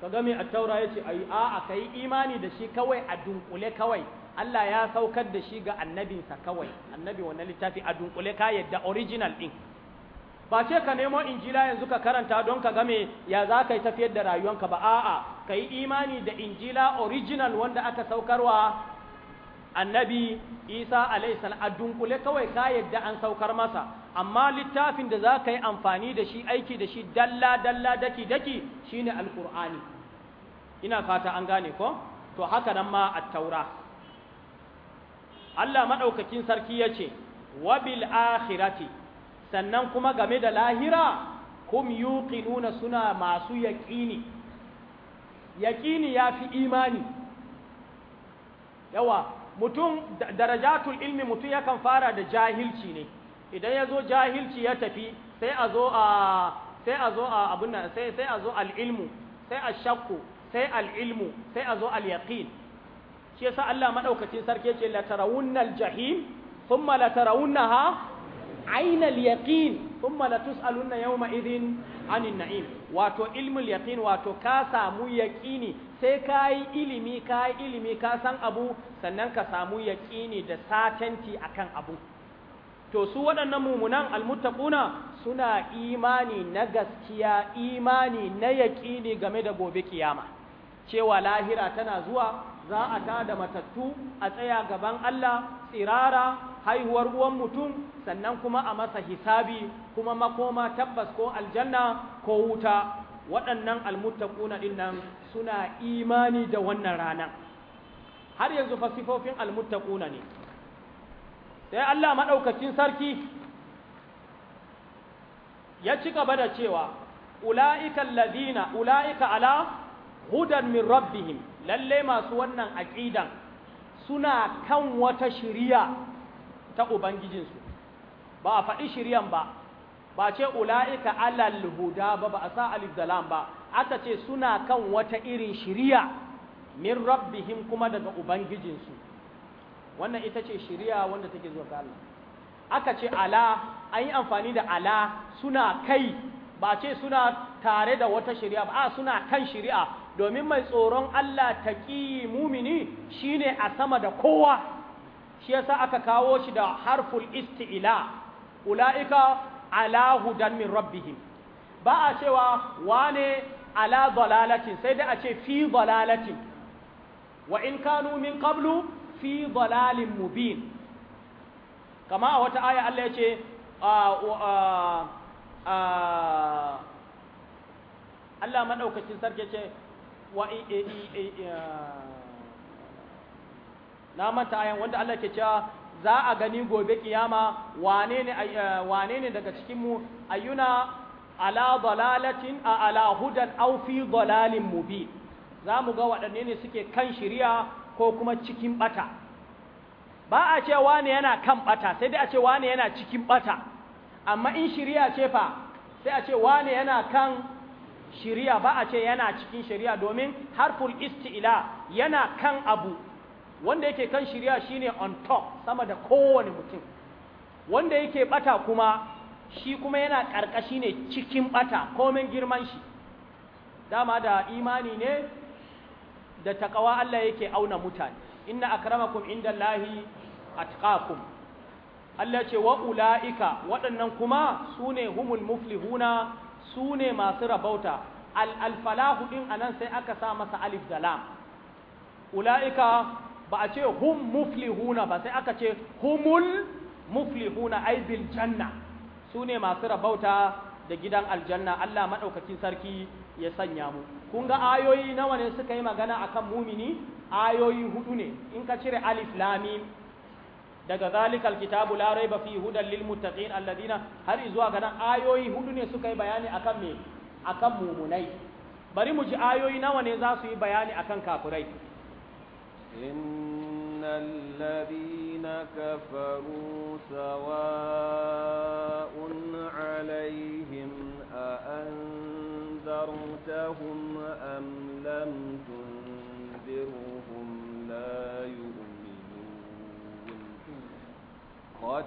kaga me attaura yace ayi a a kai imani da shi kawai a dunkule kawai Allah ya saukar da shi ga annabinsa kawai annabi wannan littafi a dunkule ka yadda original din ba ce ka nemo injila yanzu ka karanta don ka game ya za ka yi tafiyar da rayuwanka ba a'a ka yi imani da injila original wanda aka saukarwa annabi isa alaihissalam a dunkule kawai ka yadda an saukar masa amma littafin da za ka yi amfani da shi aiki da shi dalla dalla daki daki shine alkur'ani ina fata an gane ko to haka nan ma a taura Allah maɗaukakin sarki ya ce, wabil akhirati sannan kuma game da lahira hum yuqinuna suna masu yaqini yaqini yafi imani yawa mutum darajatul ilmi mutum yakan fara da jahilci ne idan yazo jahilci ya tafi sai a zo a sai a zo a abun nan sai sai a al-ilmu sai ash-shakku sai al-ilmu sai a zo al-yaqin shi yasa Allah madaukakin sarki yace la tarawunnal jahim thumma la tarawunnaha ainal yaqin thumma la alunna yawma idhin anin na'im wato ilmul yaqin wato ka samu yaqini sai kai ilimi kai ilimi ka san abu sannan ka samu yaqini da satanti kan abu to su waɗannan mumunan almuttaquna suna imani na gaskiya imani na yaqini game da gobe kiyama cewa lahira tana zuwa za a tada matattu a tsaya gaban Allah tsirara haihuwar uwan mutum sannan kuma a masa hisabi kuma makoma tabbas ko aljanna ko wuta waɗannan almuttaquna dinnan suna imani da wannan rana har yanzu fa sifofin almuttaquna ne sai Allah madaukakin sarki ya ci gaba da cewa ula'ika alladhina ula'ika ala hudan min rabbihim lalle masu wannan aqidan suna kan wata shiriya ta ubangijinsu ba a faɗi shiryan ba ba ce ula'ika alal huda ba ba a sa alif zalam ba aka ce suna kan wata irin shiriya min rabbihim kuma daga ubangijinsu wannan ita ce shiriya wanda take zuwa ga Allah aka ce ala an yi amfani da ala suna kai ba ce suna tare da wata shiriya ba a suna kan shiri'a domin mai tsoron Allah taqi mumini shine a sama da kowa shi yasa aka kawo shi da harful isti'la ulaika ala hudan min rabbihim ba a cewa wane ala dalalatin sai dai a ce fi dalalatin wa in kanu min qablu fi dalalin mubin kama a wata aya Allah ya ce ah, ah, ah, Allah maɗaukacin sarki ce na manta ayan wanda Allah ke cewa za a gani gobe kiyama wane ne eh, wane ne daga cikin mu ayuna ala dalalatin a ala hudan aw fi dalalin mubin za mu ga waɗanne ne suke kan shiriya ko kuma cikin bata ba a ce wane yana kan bata sai dai a ce wane yana cikin bata amma in shiriya ce fa sai a ce wane yana kan shari'a ba a ce yana cikin shari'a domin harful istiila yana kan abu wanda yake kan shari'a shine on top sama da kowane mutum wanda yake bata kuma shi kuma yana karkashi ne cikin bata komen girman shi dama da imani ne da takawa Allah yake auna mutane inna akramakum indallahi atqakum Allah ce wa ulaika waɗannan kuma sune humul muflihuna su ne masu rabauta alalfalahu ɗin din anan sai aka sa masa alif da lam ula'ika ba a ce hum muflihuna ba sai aka ce humul muflihuna huna bil janna su ne masu rabauta da gidan aljanna Allah maɗaukacin sarki ya sanya mu kun ga ayoyi nawa ne suka yi magana akan mumini ayoyi hudu ne in ka cire alif lamim daga zalikal kitabu la raiba fi hudan lil muttaqin alladina har zuwa ga nan ayoyi hudu ne suka yi bayani akan me akan mumunai bari mu ji ayoyi nawa ne za su yi bayani akan kafirai innal ladina kafaru sawa'un alaihim a anzartahum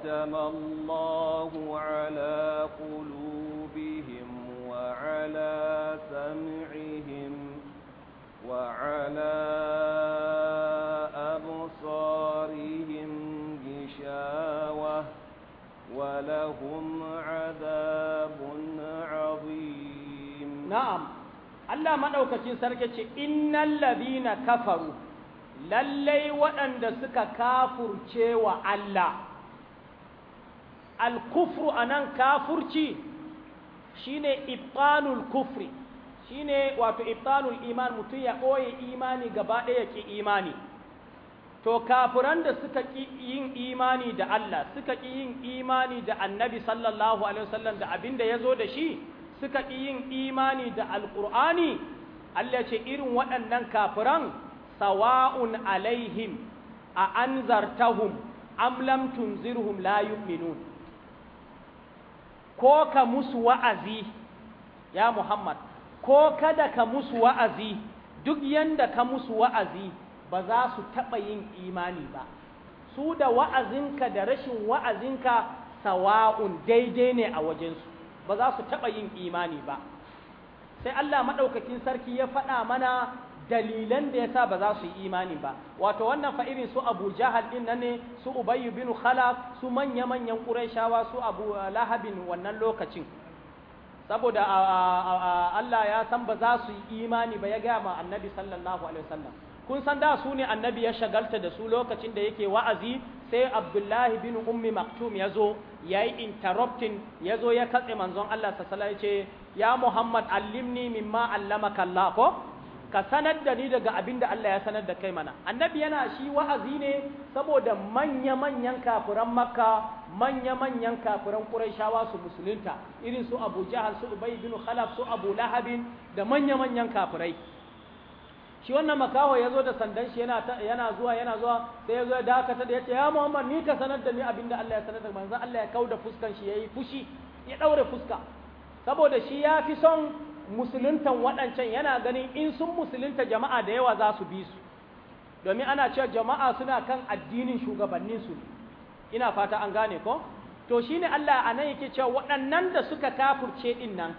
ختم الله على قلوبهم وعلى سمعهم وعلى أبصارهم غشاوة ولهم عذاب عظيم نعم Allah maɗaukacin sarki ce, Innan labina kafaru, lallai waɗanda suka kafurce wa Allah, al-kufru nan kafurci shine ibtalul kufri shine wato ibtalul iman mutum ya ɓoye imani gaba ɗaya ki imani to kafiran da suka ki yin imani da Allah suka ki yin imani da Annabi sallallahu alaihi wasallam da ya zo da shi suka ki yin imani da Alkur'ani? Allah ce irin waɗannan kafiran sawa'un alaihim a anzartahum am lam tunzirhum la yu'minun ko ka musu wa'azi ya Muhammad ko kada ka musu wa'azi duk yanda ka musu wa'azi ba za su taɓa yin imani ba su da wa'azinka da rashin wa'azinka sawa'un daidai ne a wajensu ba za su taɓa yin imani ba sai Allah maɗaukakin sarki ya faɗa mana dalilan da yasa ba za su yi imani ba wato wannan fa irin su Abu Jahal din nan ne su ubayyu bin Khalaf su manya manyan Qurayshawa su Abu Lahabin wannan lokacin saboda Allah ya san ba za su yi imani ba ya ga ma Annabi sallallahu alaihi wasallam kun san da su ne Annabi ya shagalta da su lokacin da yake wa'azi sai Abdullahi bin Ummi Maktum ya zo ya yi interrupting ya zo ya katse manzon Allah sallallahu alaihi wasallam ya ce ya Muhammad allimni mimma allamaka Allah ko ka sanar da ni daga abin da Allah ya sanar da kai mana annabi yana shi wa'azi ne saboda manya-manyan kafiran makka manya-manyan kafiran ƙuraishawa su musulunta irin su abu jahal su ubay bin khalaf su abu lahabin da manya-manyan kafirai shi wannan makaho ya zo da sandan shi yana zuwa yana zuwa sai ya zo ya dakata da ya ce ya muhammad ni ka sanar da ni abin da Allah ya sanar da manzon Allah ya kauda fuskan shi ya yi fushi ya ɗaure fuska saboda shi ya fi son musuluntan waɗancan yana ganin in sun musulunta jama'a da yawa za su bi su domin ana cewa jama'a suna kan addinin shugabanninsu ne ina fata an gane ko to shine Allah a nan yake cewa waɗannan da suka kafurce ɗin nan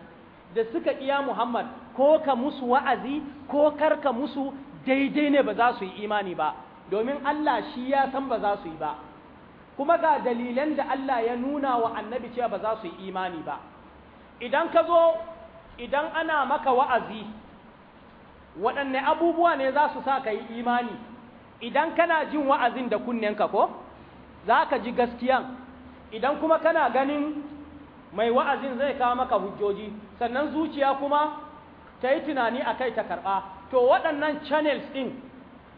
da suka iya Muhammad ko ka musu wa'azi ko karka musu daidai ne ba za su yi imani ba domin Allah shi ya san ba za su yi ba kuma ga dalilan da Allah ya nuna wa annabi cewa ba za su yi imani ba idan ka zo idan ana maka wa'azi waɗanne abubuwa ne za su sa ka yi imani idan kana jin wa'azin da kunnenka ko za ka ji gaskiyan idan kuma kana ganin mai wa'azin zai kawo maka hujjoji sannan zuciya kuma ta yi tunani a kai ta karɓa to waɗannan channels ɗin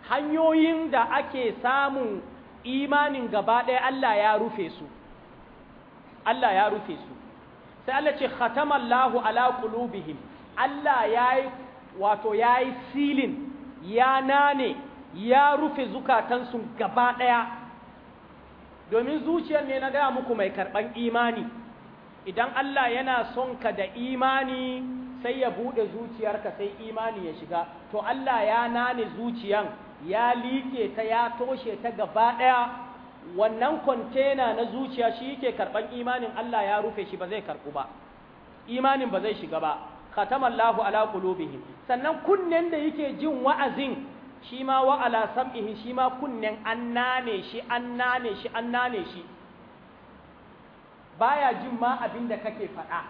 hanyoyin da ake samun imanin gaba ɗaya Allah ya rufe su Allah ya rufe su sai Allah ce khatamallahu ala qulubihim Allah yayi wato yayi silin ya nane ya rufe zukatansu gaba daya domin zuciyar ne na gaya muku mai karban imani idan Allah yana son ka da imani sai ya buɗe zuciyarka sai imani ya shiga to Allah ya nane zuciyan ya like ta ya toshe ta gaba daya wannan kwantena na zuciya shi yake karban imanin Allah ya rufe shi ba zai karbu ba imanin ba zai shiga ba khatamallahu ala qulubihim sannan kunnen da yake jin wa'azin shi ma wa ala sam'ihi shi ma kunnen an nane shi an nane shi an nane shi baya jin ma abin da kake faɗa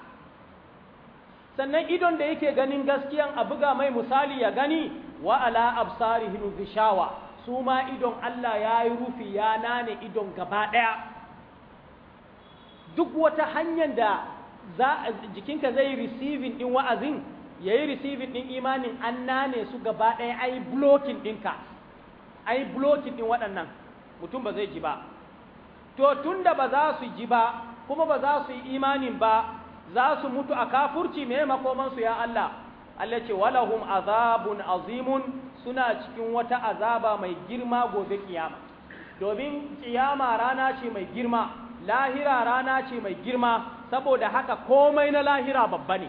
sannan idon da yake ganin gaskiyan a buga mai misali ya gani wa ala absarihim bishawa su ma idon Allah ya yi rufi ya nane idon gaba ɗaya duk wata hanyar da jikinka zai receiving ɗin wa'azin ya yi receiving ɗin imanin an nane su gaba ɗaya yi blocking ɗinka yi blocking ɗin waɗannan mutum ba zai ji ba to tun da ba za su ji ba kuma ba za su yi imanin ba za su mutu a kafurci mai makomansu ya Allah Allah ce walahum azabun azimun suna cikin wata azaba mai girma gobe kiyama domin kiyama rana ce mai girma lahira rana ce mai girma saboda haka komai na lahira babba ne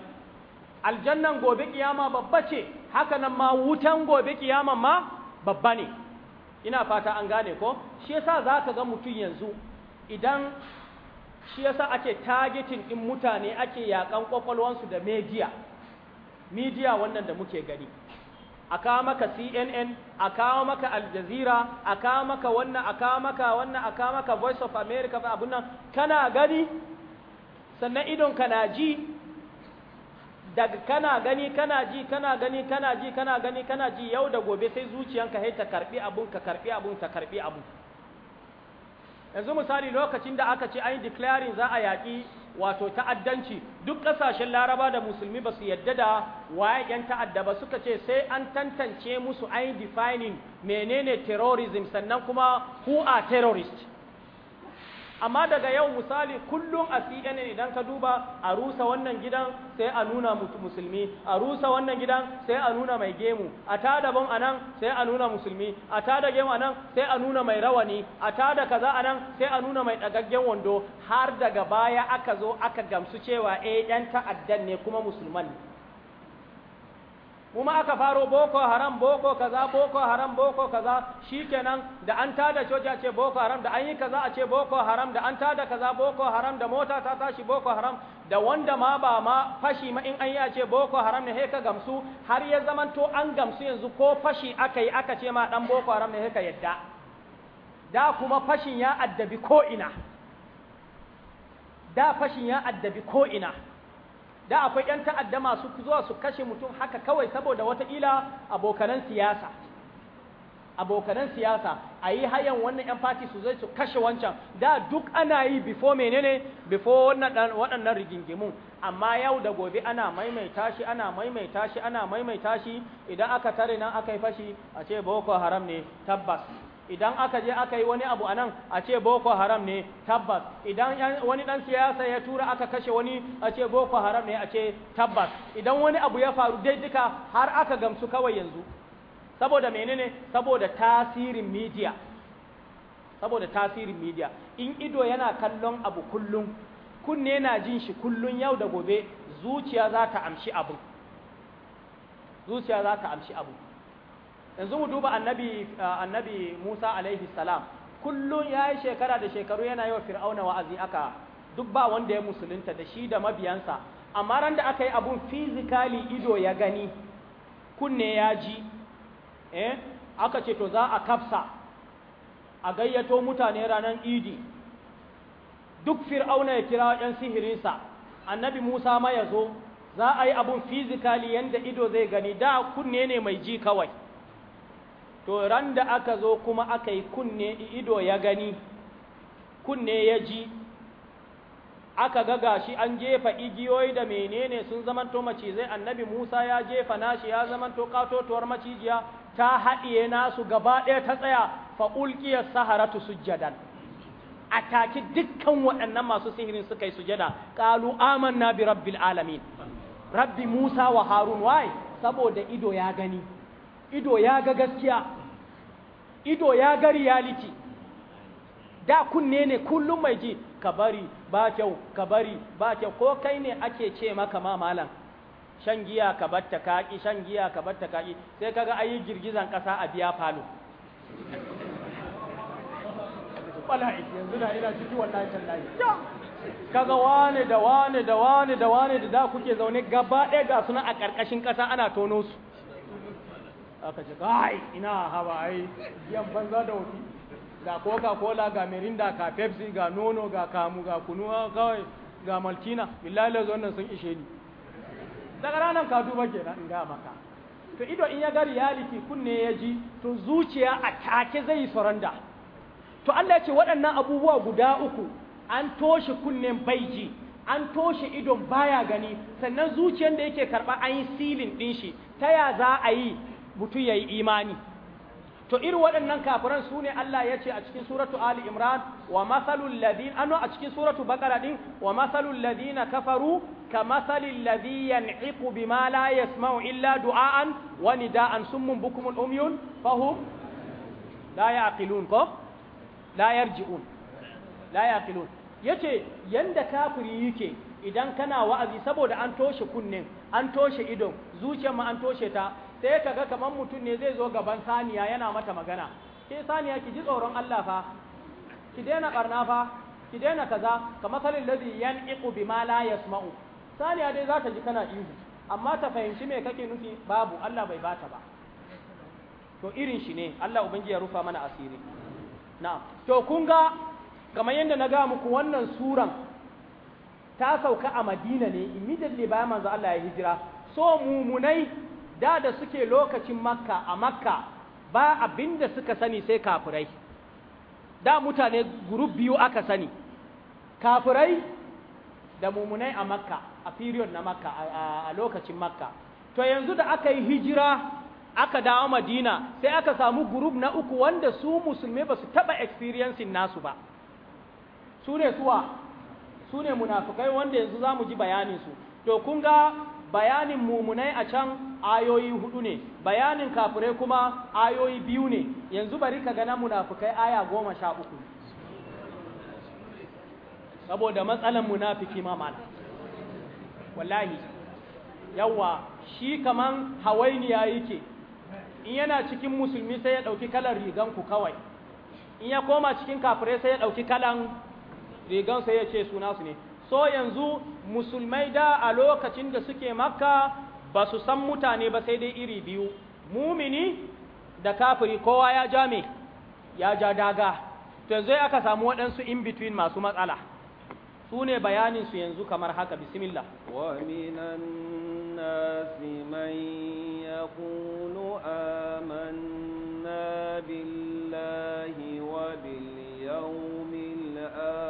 aljannan gobe kiyama babba ce haka nan ma wutan gobe kiyama ma babba ne ina fata an gane ko shi yasa ka ga mutum yanzu idan shi yasa ake targeting din mutane ake yakan kwakwalwansu da media media wannan da muke gani a kawo maka CNN a kawo maka Al Jazeera a kawo maka wannan a kawo maka wannan a kawo maka Voice of America ba abun nan kana gani sannan idon kana ji daga kana gani kana ji kana gani kana ji kana gani kana ji yau da gobe sai zuciyanka sai ta karbi abun ka karbi abun ta karbi abun yanzu misali lokacin da aka ce an declaring za a yaki wato ta'addanci duk ƙasashen laraba da musulmi ba su yadda da waye ta'adda ba suka ce sai an tantance musu ayin defining menene terrorism sannan kuma who are terrorists amma daga yau misali kullum a CNN idan ka duba a rusa wannan gidan sai a nuna musulmi a rusa wannan gidan sai a nuna mai gemu a tada a anan sai a nuna musulmi a tada gemu anan sai a nuna mai rawani a tada kaza anan sai a nuna mai dagaggen wando har daga baya aka zo aka gamsu cewa eh yan ta'addan ne kuma musulman kuma aka faro boko haram boko kaza boko haram boko kaza shikenan da an tada coci a ce boko haram da an yi kaza a ce boko haram da an tada kaza boko haram da mota ta tashi boko haram da wanda ma ba ma fashi ma in an yi a ce boko haram ne heka ka gamsu har ya zaman to an gamsu yanzu ko fashi aka yi aka ce ma dan boko haram ne heka ka yadda da kuma fashin ya addabi ko ina da fashin ya addabi ko ina da akwai ‘yan ta'adda masu zuwa su kashe mutum haka kawai saboda wata abokanan siyasa abokanan siyasa a yi hayan wannan ‘yan fati su zai su kashe wancan da duk ana yi before menene before waɗannan rigingimun amma yau da gobe ana maimaita shi ana maimaita shi ana maimaita shi idan aka tare nan aka yi fashi a ce boko haram ne tabbas idan aka je aka yi wani abu a nan a ce boko haram ne tabbas idan wani dan siyasa ya tura aka kashe wani a ce boko haram ne a ce tabbas idan wani abu ya faru dai duka har aka gamsu kawai yanzu saboda menene saboda tasirin media saboda tasirin media in ido yana kallon abu kullum kunne na jin shi kullum yau da gobe zuciya za ta amshi abu zuciya za ta amshi abu yanzu mu duba annabi uh, annabi Musa alaihi salam kullun yayi shekara da shekaru yana yi wa fir'auna wa'azi aka duk ba wanda ya musulunta da shi da mabiyansa amma ran da aka yi abun physically ido ya gani kunne ya ji eh aka ce to za a kafsa a gayyato mutane ranar idi duk fir'auna ya kira yan sihirinsa annabi Musa ma ya zo za a yi abun physically yanda ido zai gani da kunne ne mai ji kawai to ran da aka zo kuma aka yi kunne ido ya gani kunne ya ji aka ga gashi an jefa igiyoyi da menene sun zamanto macizai annabi Musa ya jefa nashi ya zamanto katotuwar macijiya ta haɗiye nasu gaba ɗaya ta tsaya fa saharatu sujjadan ataki dukkan waɗannan masu sihirin suka yi sujada qalu amanna bi rabbil alamin rabbi Musa wa Harun wai saboda ido ya gani ido ya ga gaskiya ido ya ga reality da kunne ne kullum mai ji ka bari ba kyau ka bari ba kyau ko kai ne ake ce maka ma malam shan giya ka batta kaki shan giya ka batta kaki sai kaga ayi girgizan kasa a biya falo bala'i yanzu na ina ciki wallahi tallahi kaga wane da wane da wane da wane da da kuke zaune gaba ɗaya ga suna a ƙarƙashin ƙasa ana tono su aka ce kai ina hawa ai yan banza da wofi ga coca cola ga mirinda ga pepsi ga nono ga kamu ga kunuwa kawai ga maltina billahi lazo wannan sun ishe ni daga ranar ka duba kenan in ga maka to ido in ya ga reality kunne ya ji to zuciya a take zai suranda to Allah ya ce waɗannan abubuwa guda uku an toshe kunnen baiji an toshe idon baya gani sannan zuciyar da yake karɓa an yi silin ɗin shi ta ya za a yi mutum ya yi imani to irin waɗannan kafiran su ne Allah ya ce a cikin suratu Ali Imran wa masalul ladin ano a cikin suratu Baqara din wa masalul ladina kafaru ka masalil ladhi yan'iqu bima la yasma'u illa du'aan wa nida'an summun bukumun umyun fahum la yaqilun ko la yarji'un la yaqilun yace yanda kafiri yake idan kana wa'azi saboda an toshe kunnen an toshe idon zuciyar ma an toshe ta sai ga kamar mutum ne zai zo gaban saniya yana mata magana ke saniya ki ji tsoron Allah fa ki daina barna fa ki daina kaza ka masalin ladhi yan'iqu bima la yasma'u saniya dai za ta ji kana ihu amma ta fahimci me kake nufi babu Allah bai bata ba to irin shi ne Allah ubangi ya rufa mana asiri na'am to kun ga kamar yadda na ga muku wannan suran ta sauka a Madina ne immediately bayan manzo Allah ya hijira so mumunai da da suke lokacin makka a makka ba abin da suka sani sai kafirai da mutane gurub biyu aka sani kafirai da mumunai a makka a period na makka a lokacin makka to yanzu da aka yi hijira aka dawo madina sai aka samu gurub na uku wanda su musulmi ba su taɓa experiencing nasu ba su ne suwa su ne munafukai wanda yanzu za mu ji su? to kun ga bayanin mumunai a can ayoyi hudu ne bayanin kafirai kuma ayoyi biyu ne yanzu bari ka gana munafukai aya goma sha uku saboda matsalan munafiki ma mana wallahi yawa shi kaman hawainiya yake in yana cikin musulmi sai ya ɗauki kalan riganku kawai in ya koma cikin kafirai sai ya ɗauki kalan rigan sai ya ce suna su ne so yanzu musulmai da a lokacin da suke makka ba su san mutane ba sai dai iri biyu mumini da kafiri kowa ya ja me ya ja daga to yanzu aka samu waɗansu in between masu matsala su ne su yanzu kamar haka bismillah wa minan nasi man yaqulu amanna billahi wa bil yawmil akhir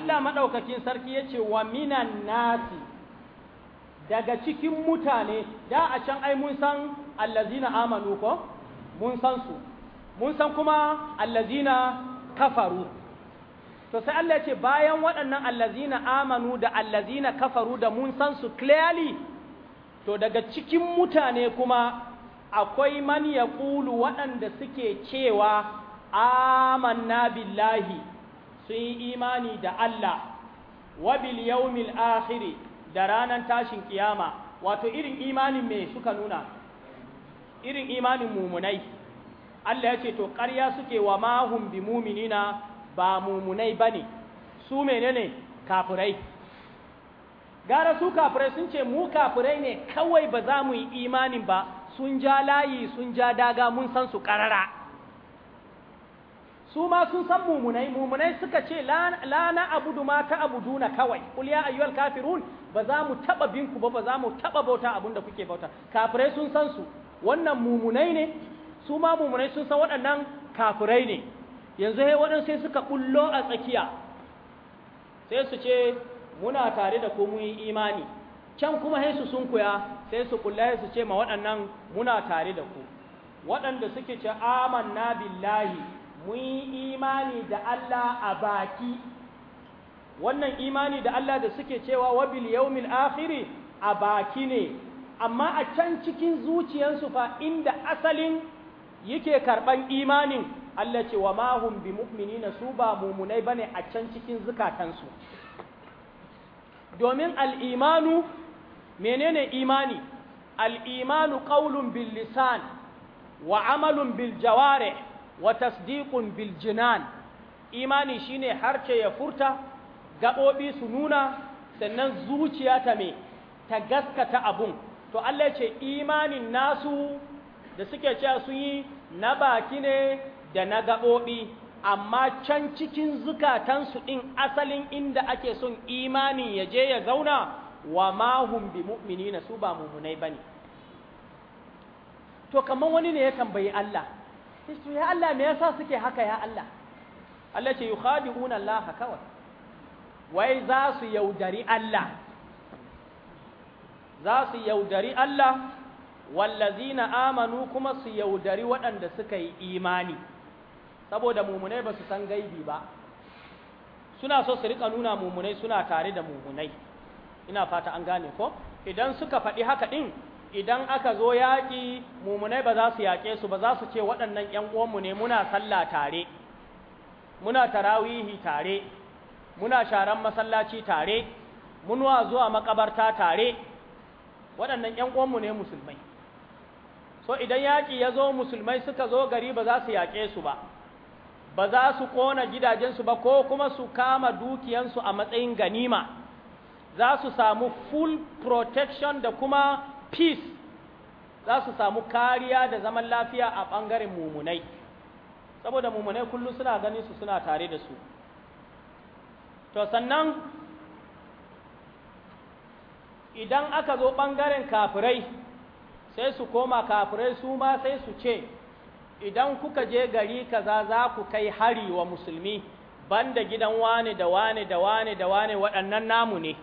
Allah maɗaukakin sarki ya ce wa minan nasi daga cikin mutane da a can ai mun san allazina amanu ko mun san su mun san kuma allazina kafaru to sai Allah ya bayan waɗannan allazina amanu da allazina kafaru da mun san su clearly to daga cikin mutane kuma akwai man yaqulu waɗanda suke cewa amanna billahi sun yi imani da Allah wa bil yawmil akhir da ranan tashin kiyama wato irin imanin me suka nuna irin imanin mumunai Allah ya ce to ƙarya suke wa ma hum bi muminina ba mumunai bane su menene kafirai gara su kafirai sun ce mu kafirai ne kawai ba za mu yi imanin ba sun ja layi sun ja daga mun san su ƙarara su ma sun san mumunai mumunai suka ce la na abudu ma ta na kawai qul ayyuwal kafirun ba za mu taba binku ba ba za mu taba bauta da kuke bauta kafirai sun san su wannan mumunai ne su ma mumunai sun san waɗannan kafirai ne yanzu he waɗansu sai suka ɓullo a tsakiya sai su ce muna tare da ku mun yi imani can kuma sai su kuya sai su kulla su ce ma waɗannan muna tare da ku waɗanda suke ce amanna billahi mun yi imani da Allah a baki wannan imani da Allah da suke cewa wabil yawmil akhiri a baki ne amma a can cikin zuciyarsu fa inda asalin yake karban imanin Allah ce wa ma bi mu'minina su ba mumunai bane a can cikin zukatansu domin al'imanu, menene imani Al'imanu ƙaulun bil lisan wa amalun bil jawarih wa tasdiqun bil jinan imani shine harce ya furta gabobi su nuna sannan zuciya ta me ta gaskata abun to Allah ya ce imanin nasu da suke cewa sun yi na baki ne da na gabobi amma can cikin zukatansu din asalin inda ake son imani ya je ya zauna wa ma hum bi mu'minina su ba muminai bane to kaman wani ne ya tambayi Allah to ya Allah me yasa suke haka ya Allah Allah ce yukhadi'una Allah kawai wai za su yaudari Allah za su yaudari Allah wallazina amanu kuma su yaudari waɗanda suka yi imani saboda mumunai ba su san gaibi ba suna so su rika nuna mumunai suna tare da mumunai ina fata an gane ko idan suka faɗi haka ɗin idan aka zo yaƙi mumunai ba za su yaƙe su ba za su ce waɗannan ‘yan uwanmu ne muna sallah tare muna tarawihi tare muna sharan masallaci tare muna zuwa makabarta tare waɗannan ‘yan uwanmu ne musulmai so idan yaƙi ya zo musulmai suka zo gari ba za su yaƙe su ba ba za su ƙona gidajensu ba ko kuma su kama dukiyansu a matsayin ganima za su samu full protection da kuma peace za su samu kariya da zaman lafiya a ɓangaren mumunai saboda mumunai kullum suna ganin su suna tare da su to sannan idan aka zo ɓangaren kafirai sai su koma kafirai su ma sai su ce idan kuka je gari kaza za ku kai hari wa musulmi banda gidan wane da wane da wane da wane waɗannan namu ne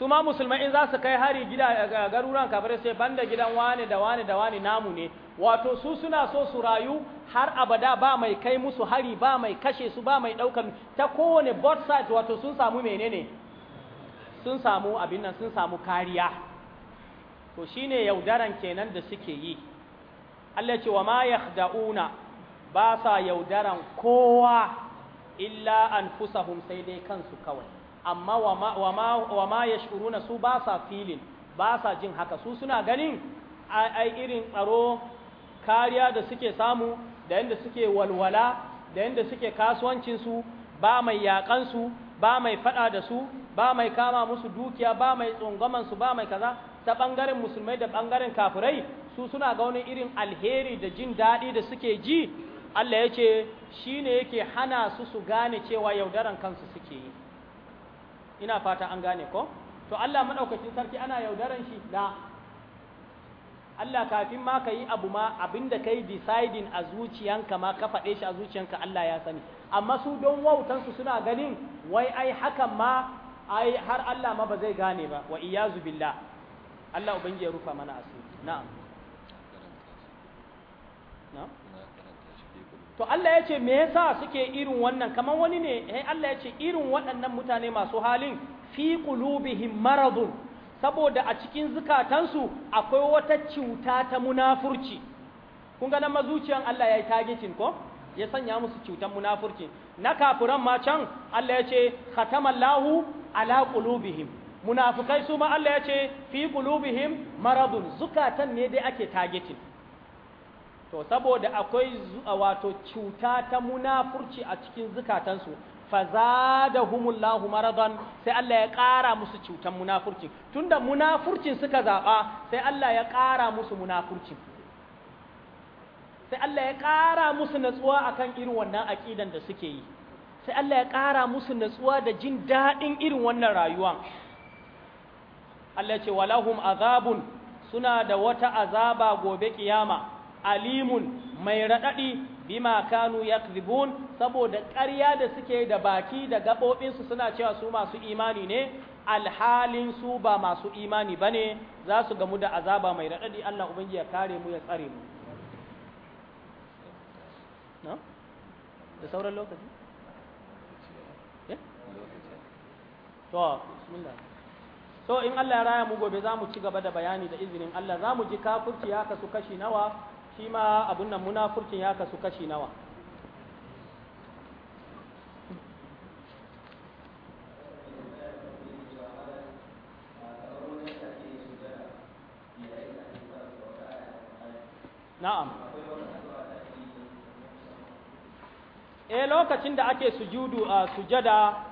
su ma musulmai in za su kai hari gida garuran kafirai sai banda gidan wane da wane da wane namu ne wato su suna so su rayu har abada ba mai kai musu hari ba mai kashe su ba mai daukar ta kowane both side wato sun samu menene sun samu abin nan sun samu kariya to shine yaudaran kenan da suke yi Allah ce wa ma yakhda'una ba sa yaudaran kowa illa anfusahum sai dai kansu kawai amma wa ma ya shuruna su ba sa filin ba sa jin haka su suna ganin ai irin tsaro kariya da suke samu da yadda suke walwala da yadda suke kasuwancinsu ba mai yaƙansu ba mai faɗa da su ba mai kama musu dukiya ba mai tsungamansu ba mai kaza ta ɓangaren musulmai da ɓangaren kafirai su suna ga irin alheri da jin daɗi da suke ji Allah ya ce shi ne yake hana su su gane cewa yaudaran kansu suke yi ina fata an gane ko to Allah madaukakin sarki ana yaudaran shi da Allah kafin ma ka yi abu ma abinda ka yi deciding a zuciyanka ma ka faɗe shi a zuciyanka Allah ya sani amma su don wautansu suna ganin wai ai hakan ma ai har Allah ma ba zai gane ba wa iyazu billah Allah ubangi ya rufa mana asiri na'am na'am to Allah ya ce me yasa suke irin wannan kamar wani ne eh Allah ya ce irin waɗannan mutane masu halin fi qulubihim maradun saboda a cikin zukatansu akwai wata cuta ta munafurci kun ga nan mazuciyan Allah ya yi tagetin ko ya sanya musu cutan munafurci na kafiran ma can Allah ya ce khatamallahu ala qulubihim munafikai su ma Allah ya ce fi qulubihim maradun zukatan ne dai ake targeting to saboda akwai wato cuta ta munafurci a cikin zukatansu fazadahumullahu maradan sai Allah ya ƙara musu cutan munafurci tunda munafurcin suka zaɓa sai Allah ya ƙara musu munafurci sai Allah ya ƙara musu natsuwa akan irin wannan aƙidan da suke yi sai Allah ya ƙara musu natsuwa da jin daɗin irin wannan rayuwa Allah ce walahum azabun suna da wata azaba gobe kiyama alimun mai raɗaɗi bima kanu yakzibun saboda ƙarya da suke da baki da gaɓoɓinsu suna cewa su masu imani ne alhalin su ba masu imani ba ne za su gamu da azaba mai raɗaɗi Allah ubangi ya kare mu ya tsare mu da sauran lokaci? Eh? to bismillah so in Allah ya raya mu gobe zamu mu ci gaba da bayani da izinin Allah zamu ji kafirci haka su kashi nawa shi ma abin nan munafurcin ya kasu kashi nawa na'am e lokacin da ake sujudu a sujada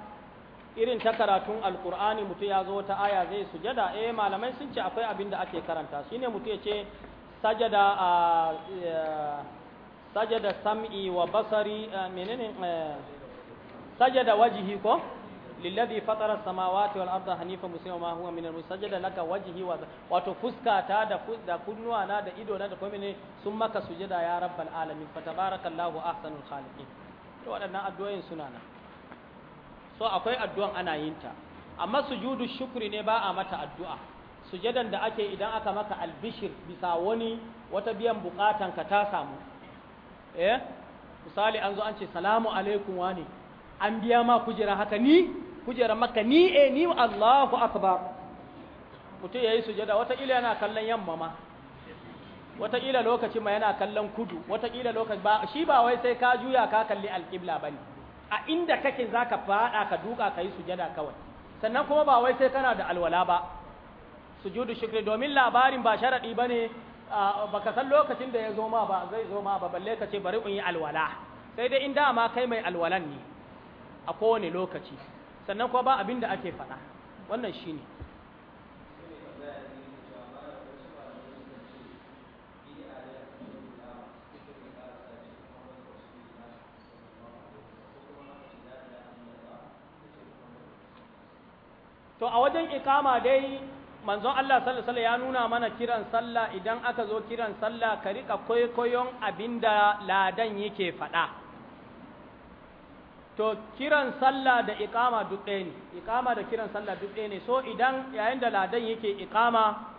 irin ta karatun alkur'ani mutu ya zo ta aya zai sujada e malamai sun ce akwai abin da ake karanta shine mutu ya ce sajada uh, uh, sajada sam'i wa basari uh, menene sajada wajhi ko lillazi fatara samawati wal arda hanifa muslima ma huwa al musajjada laka wajhi wa wato fuskata da da kunnuwa na da ido na da komai ne sun maka sujada ya rabbal alamin fa tabarakallahu ahsanul khaliqin to waɗannan addu'o'in suna nan so akwai addu'an ana yin ta amma sujudu shukri ne ba a mata addu'a sujadan da ake idan aka maka albishir bisa wani wata biyan bukatan ka ta samu eh misali an zo an ce salamu alaikum wani an biya ma kujera haka ni kujera maka ni eh ni Allahu akbar mutum yayi sujada wataƙila yana kallon yamma ma Wataƙila lokaci lokacin ma yana kallon kudu Wataƙila lokaci ba shi ba wai sai ka juya ka kalli alƙibla ba ne. a inda kake ka fada ka duka kai sujada kawai sannan kuma ba wai sai kana da alwala ba sujudu shukri domin labarin ba sharadi bane baka san lokacin da ya zo ma ba zai zo ma ba balle ka bari in yi alwala sai dai in dama kai mai alwalan ne a kowane lokaci sannan kuma ba abin da ake faɗa wannan shine to a wajen ikama dai manzon Allah sallallahu alaihi ya nuna mana kiran sallah idan aka zo kiran sallah ka rika kwaikwayon abinda ladan yake faɗa to kiran sallah da ikama duk ɗaya ne ikama da kiran sallah duk ɗaya ne so idan yayin da ladan yake ikama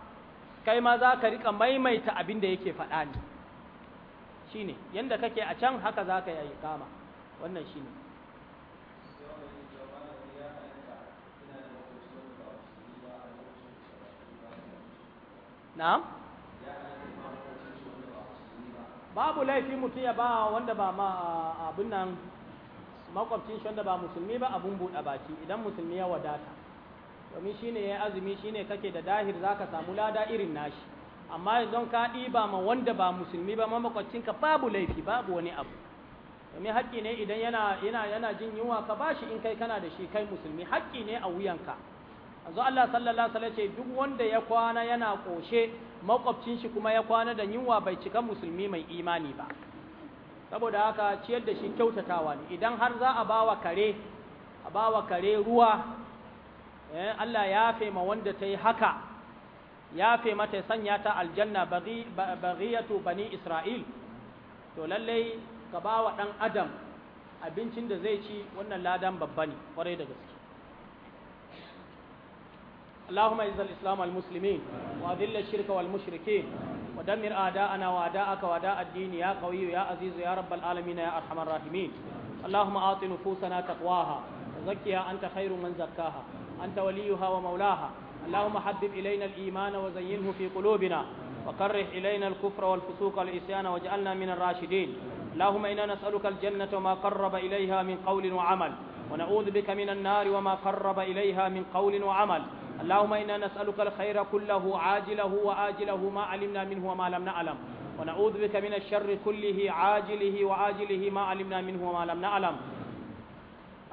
kai ma za ka rika maimaita abinda yake faɗa ne shine yanda kake a can haka za ka yi ikama wannan shine na'am babu laifi mutum ya ba wanda ba ma abin nan makwabcin shi wanda ba musulmi ba abun buɗe baki idan musulmi ya wadata domin ne ya azumi shi ne kake da dahir zaka samu lada irin nashi amma idan kaɗi ɗiba ma wanda ba musulmi ba ka babu laifi babu wani abu domin haƙƙi ne idan yana yana jin yunwa ka bashi in kai kana da shi kai musulmi haƙƙi ne a wuyanka azu Allah sallallahu alaihi ce duk wanda ya kwana yana koshe makwabcin shi kuma ya kwana da yunwa bai cika musulmi mai imani ba. Saboda haka ciyar da shi kyautatawa ne idan har za a bawa kare a bawa kare ruwa eh, Allah ya fe ma wanda ta haka ya fe mata sanya ta aljanna baghiyatu bani Isra'il to lallai ka bawa dan adam abincin da zai ci wannan ladan babba ne kwarai da gaske اللهم اعز الاسلام والمسلمين واذل الشرك والمشركين ودمر اعداءنا واعداءك واعداء الدين يا قوي يا عزيز يا رب العالمين يا ارحم الراحمين اللهم اعط نفوسنا تقواها وزكها انت خير من زكاها انت وليها ومولاها اللهم حبب الينا الايمان وزينه في قلوبنا وكره الينا الكفر والفسوق والعصيان واجعلنا من الراشدين اللهم انا نسالك الجنه وما قرب اليها من قول وعمل ونعوذ بك من النار وما قرب اليها من قول وعمل اللهم إنا نسألك الخير كله عاجله وآجله ما علمنا منه وما لم نعلم ونعوذ بك من الشر كله عاجله وآجله ما علمنا منه وما لم نعلم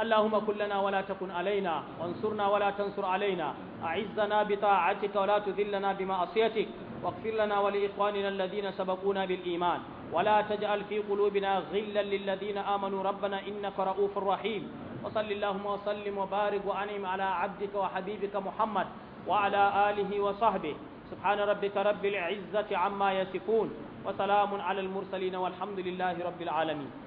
اللهم كن لنا ولا تكن علينا وانصرنا ولا تنصر علينا أعزنا بطاعتك ولا تذلنا بمعصيتك واغفر لنا ولإخواننا الذين سبقونا بالإيمان ولا تجعل في قلوبنا غلا للذين آمنوا ربنا إنك رؤوف رحيم وصل اللهم وسلم وبارك وأنعم على عبدك وحبيبك محمد وعلى آله وصحبه سبحان ربك رب العزة عما يصفون وسلام على المرسلين والحمد لله رب العالمين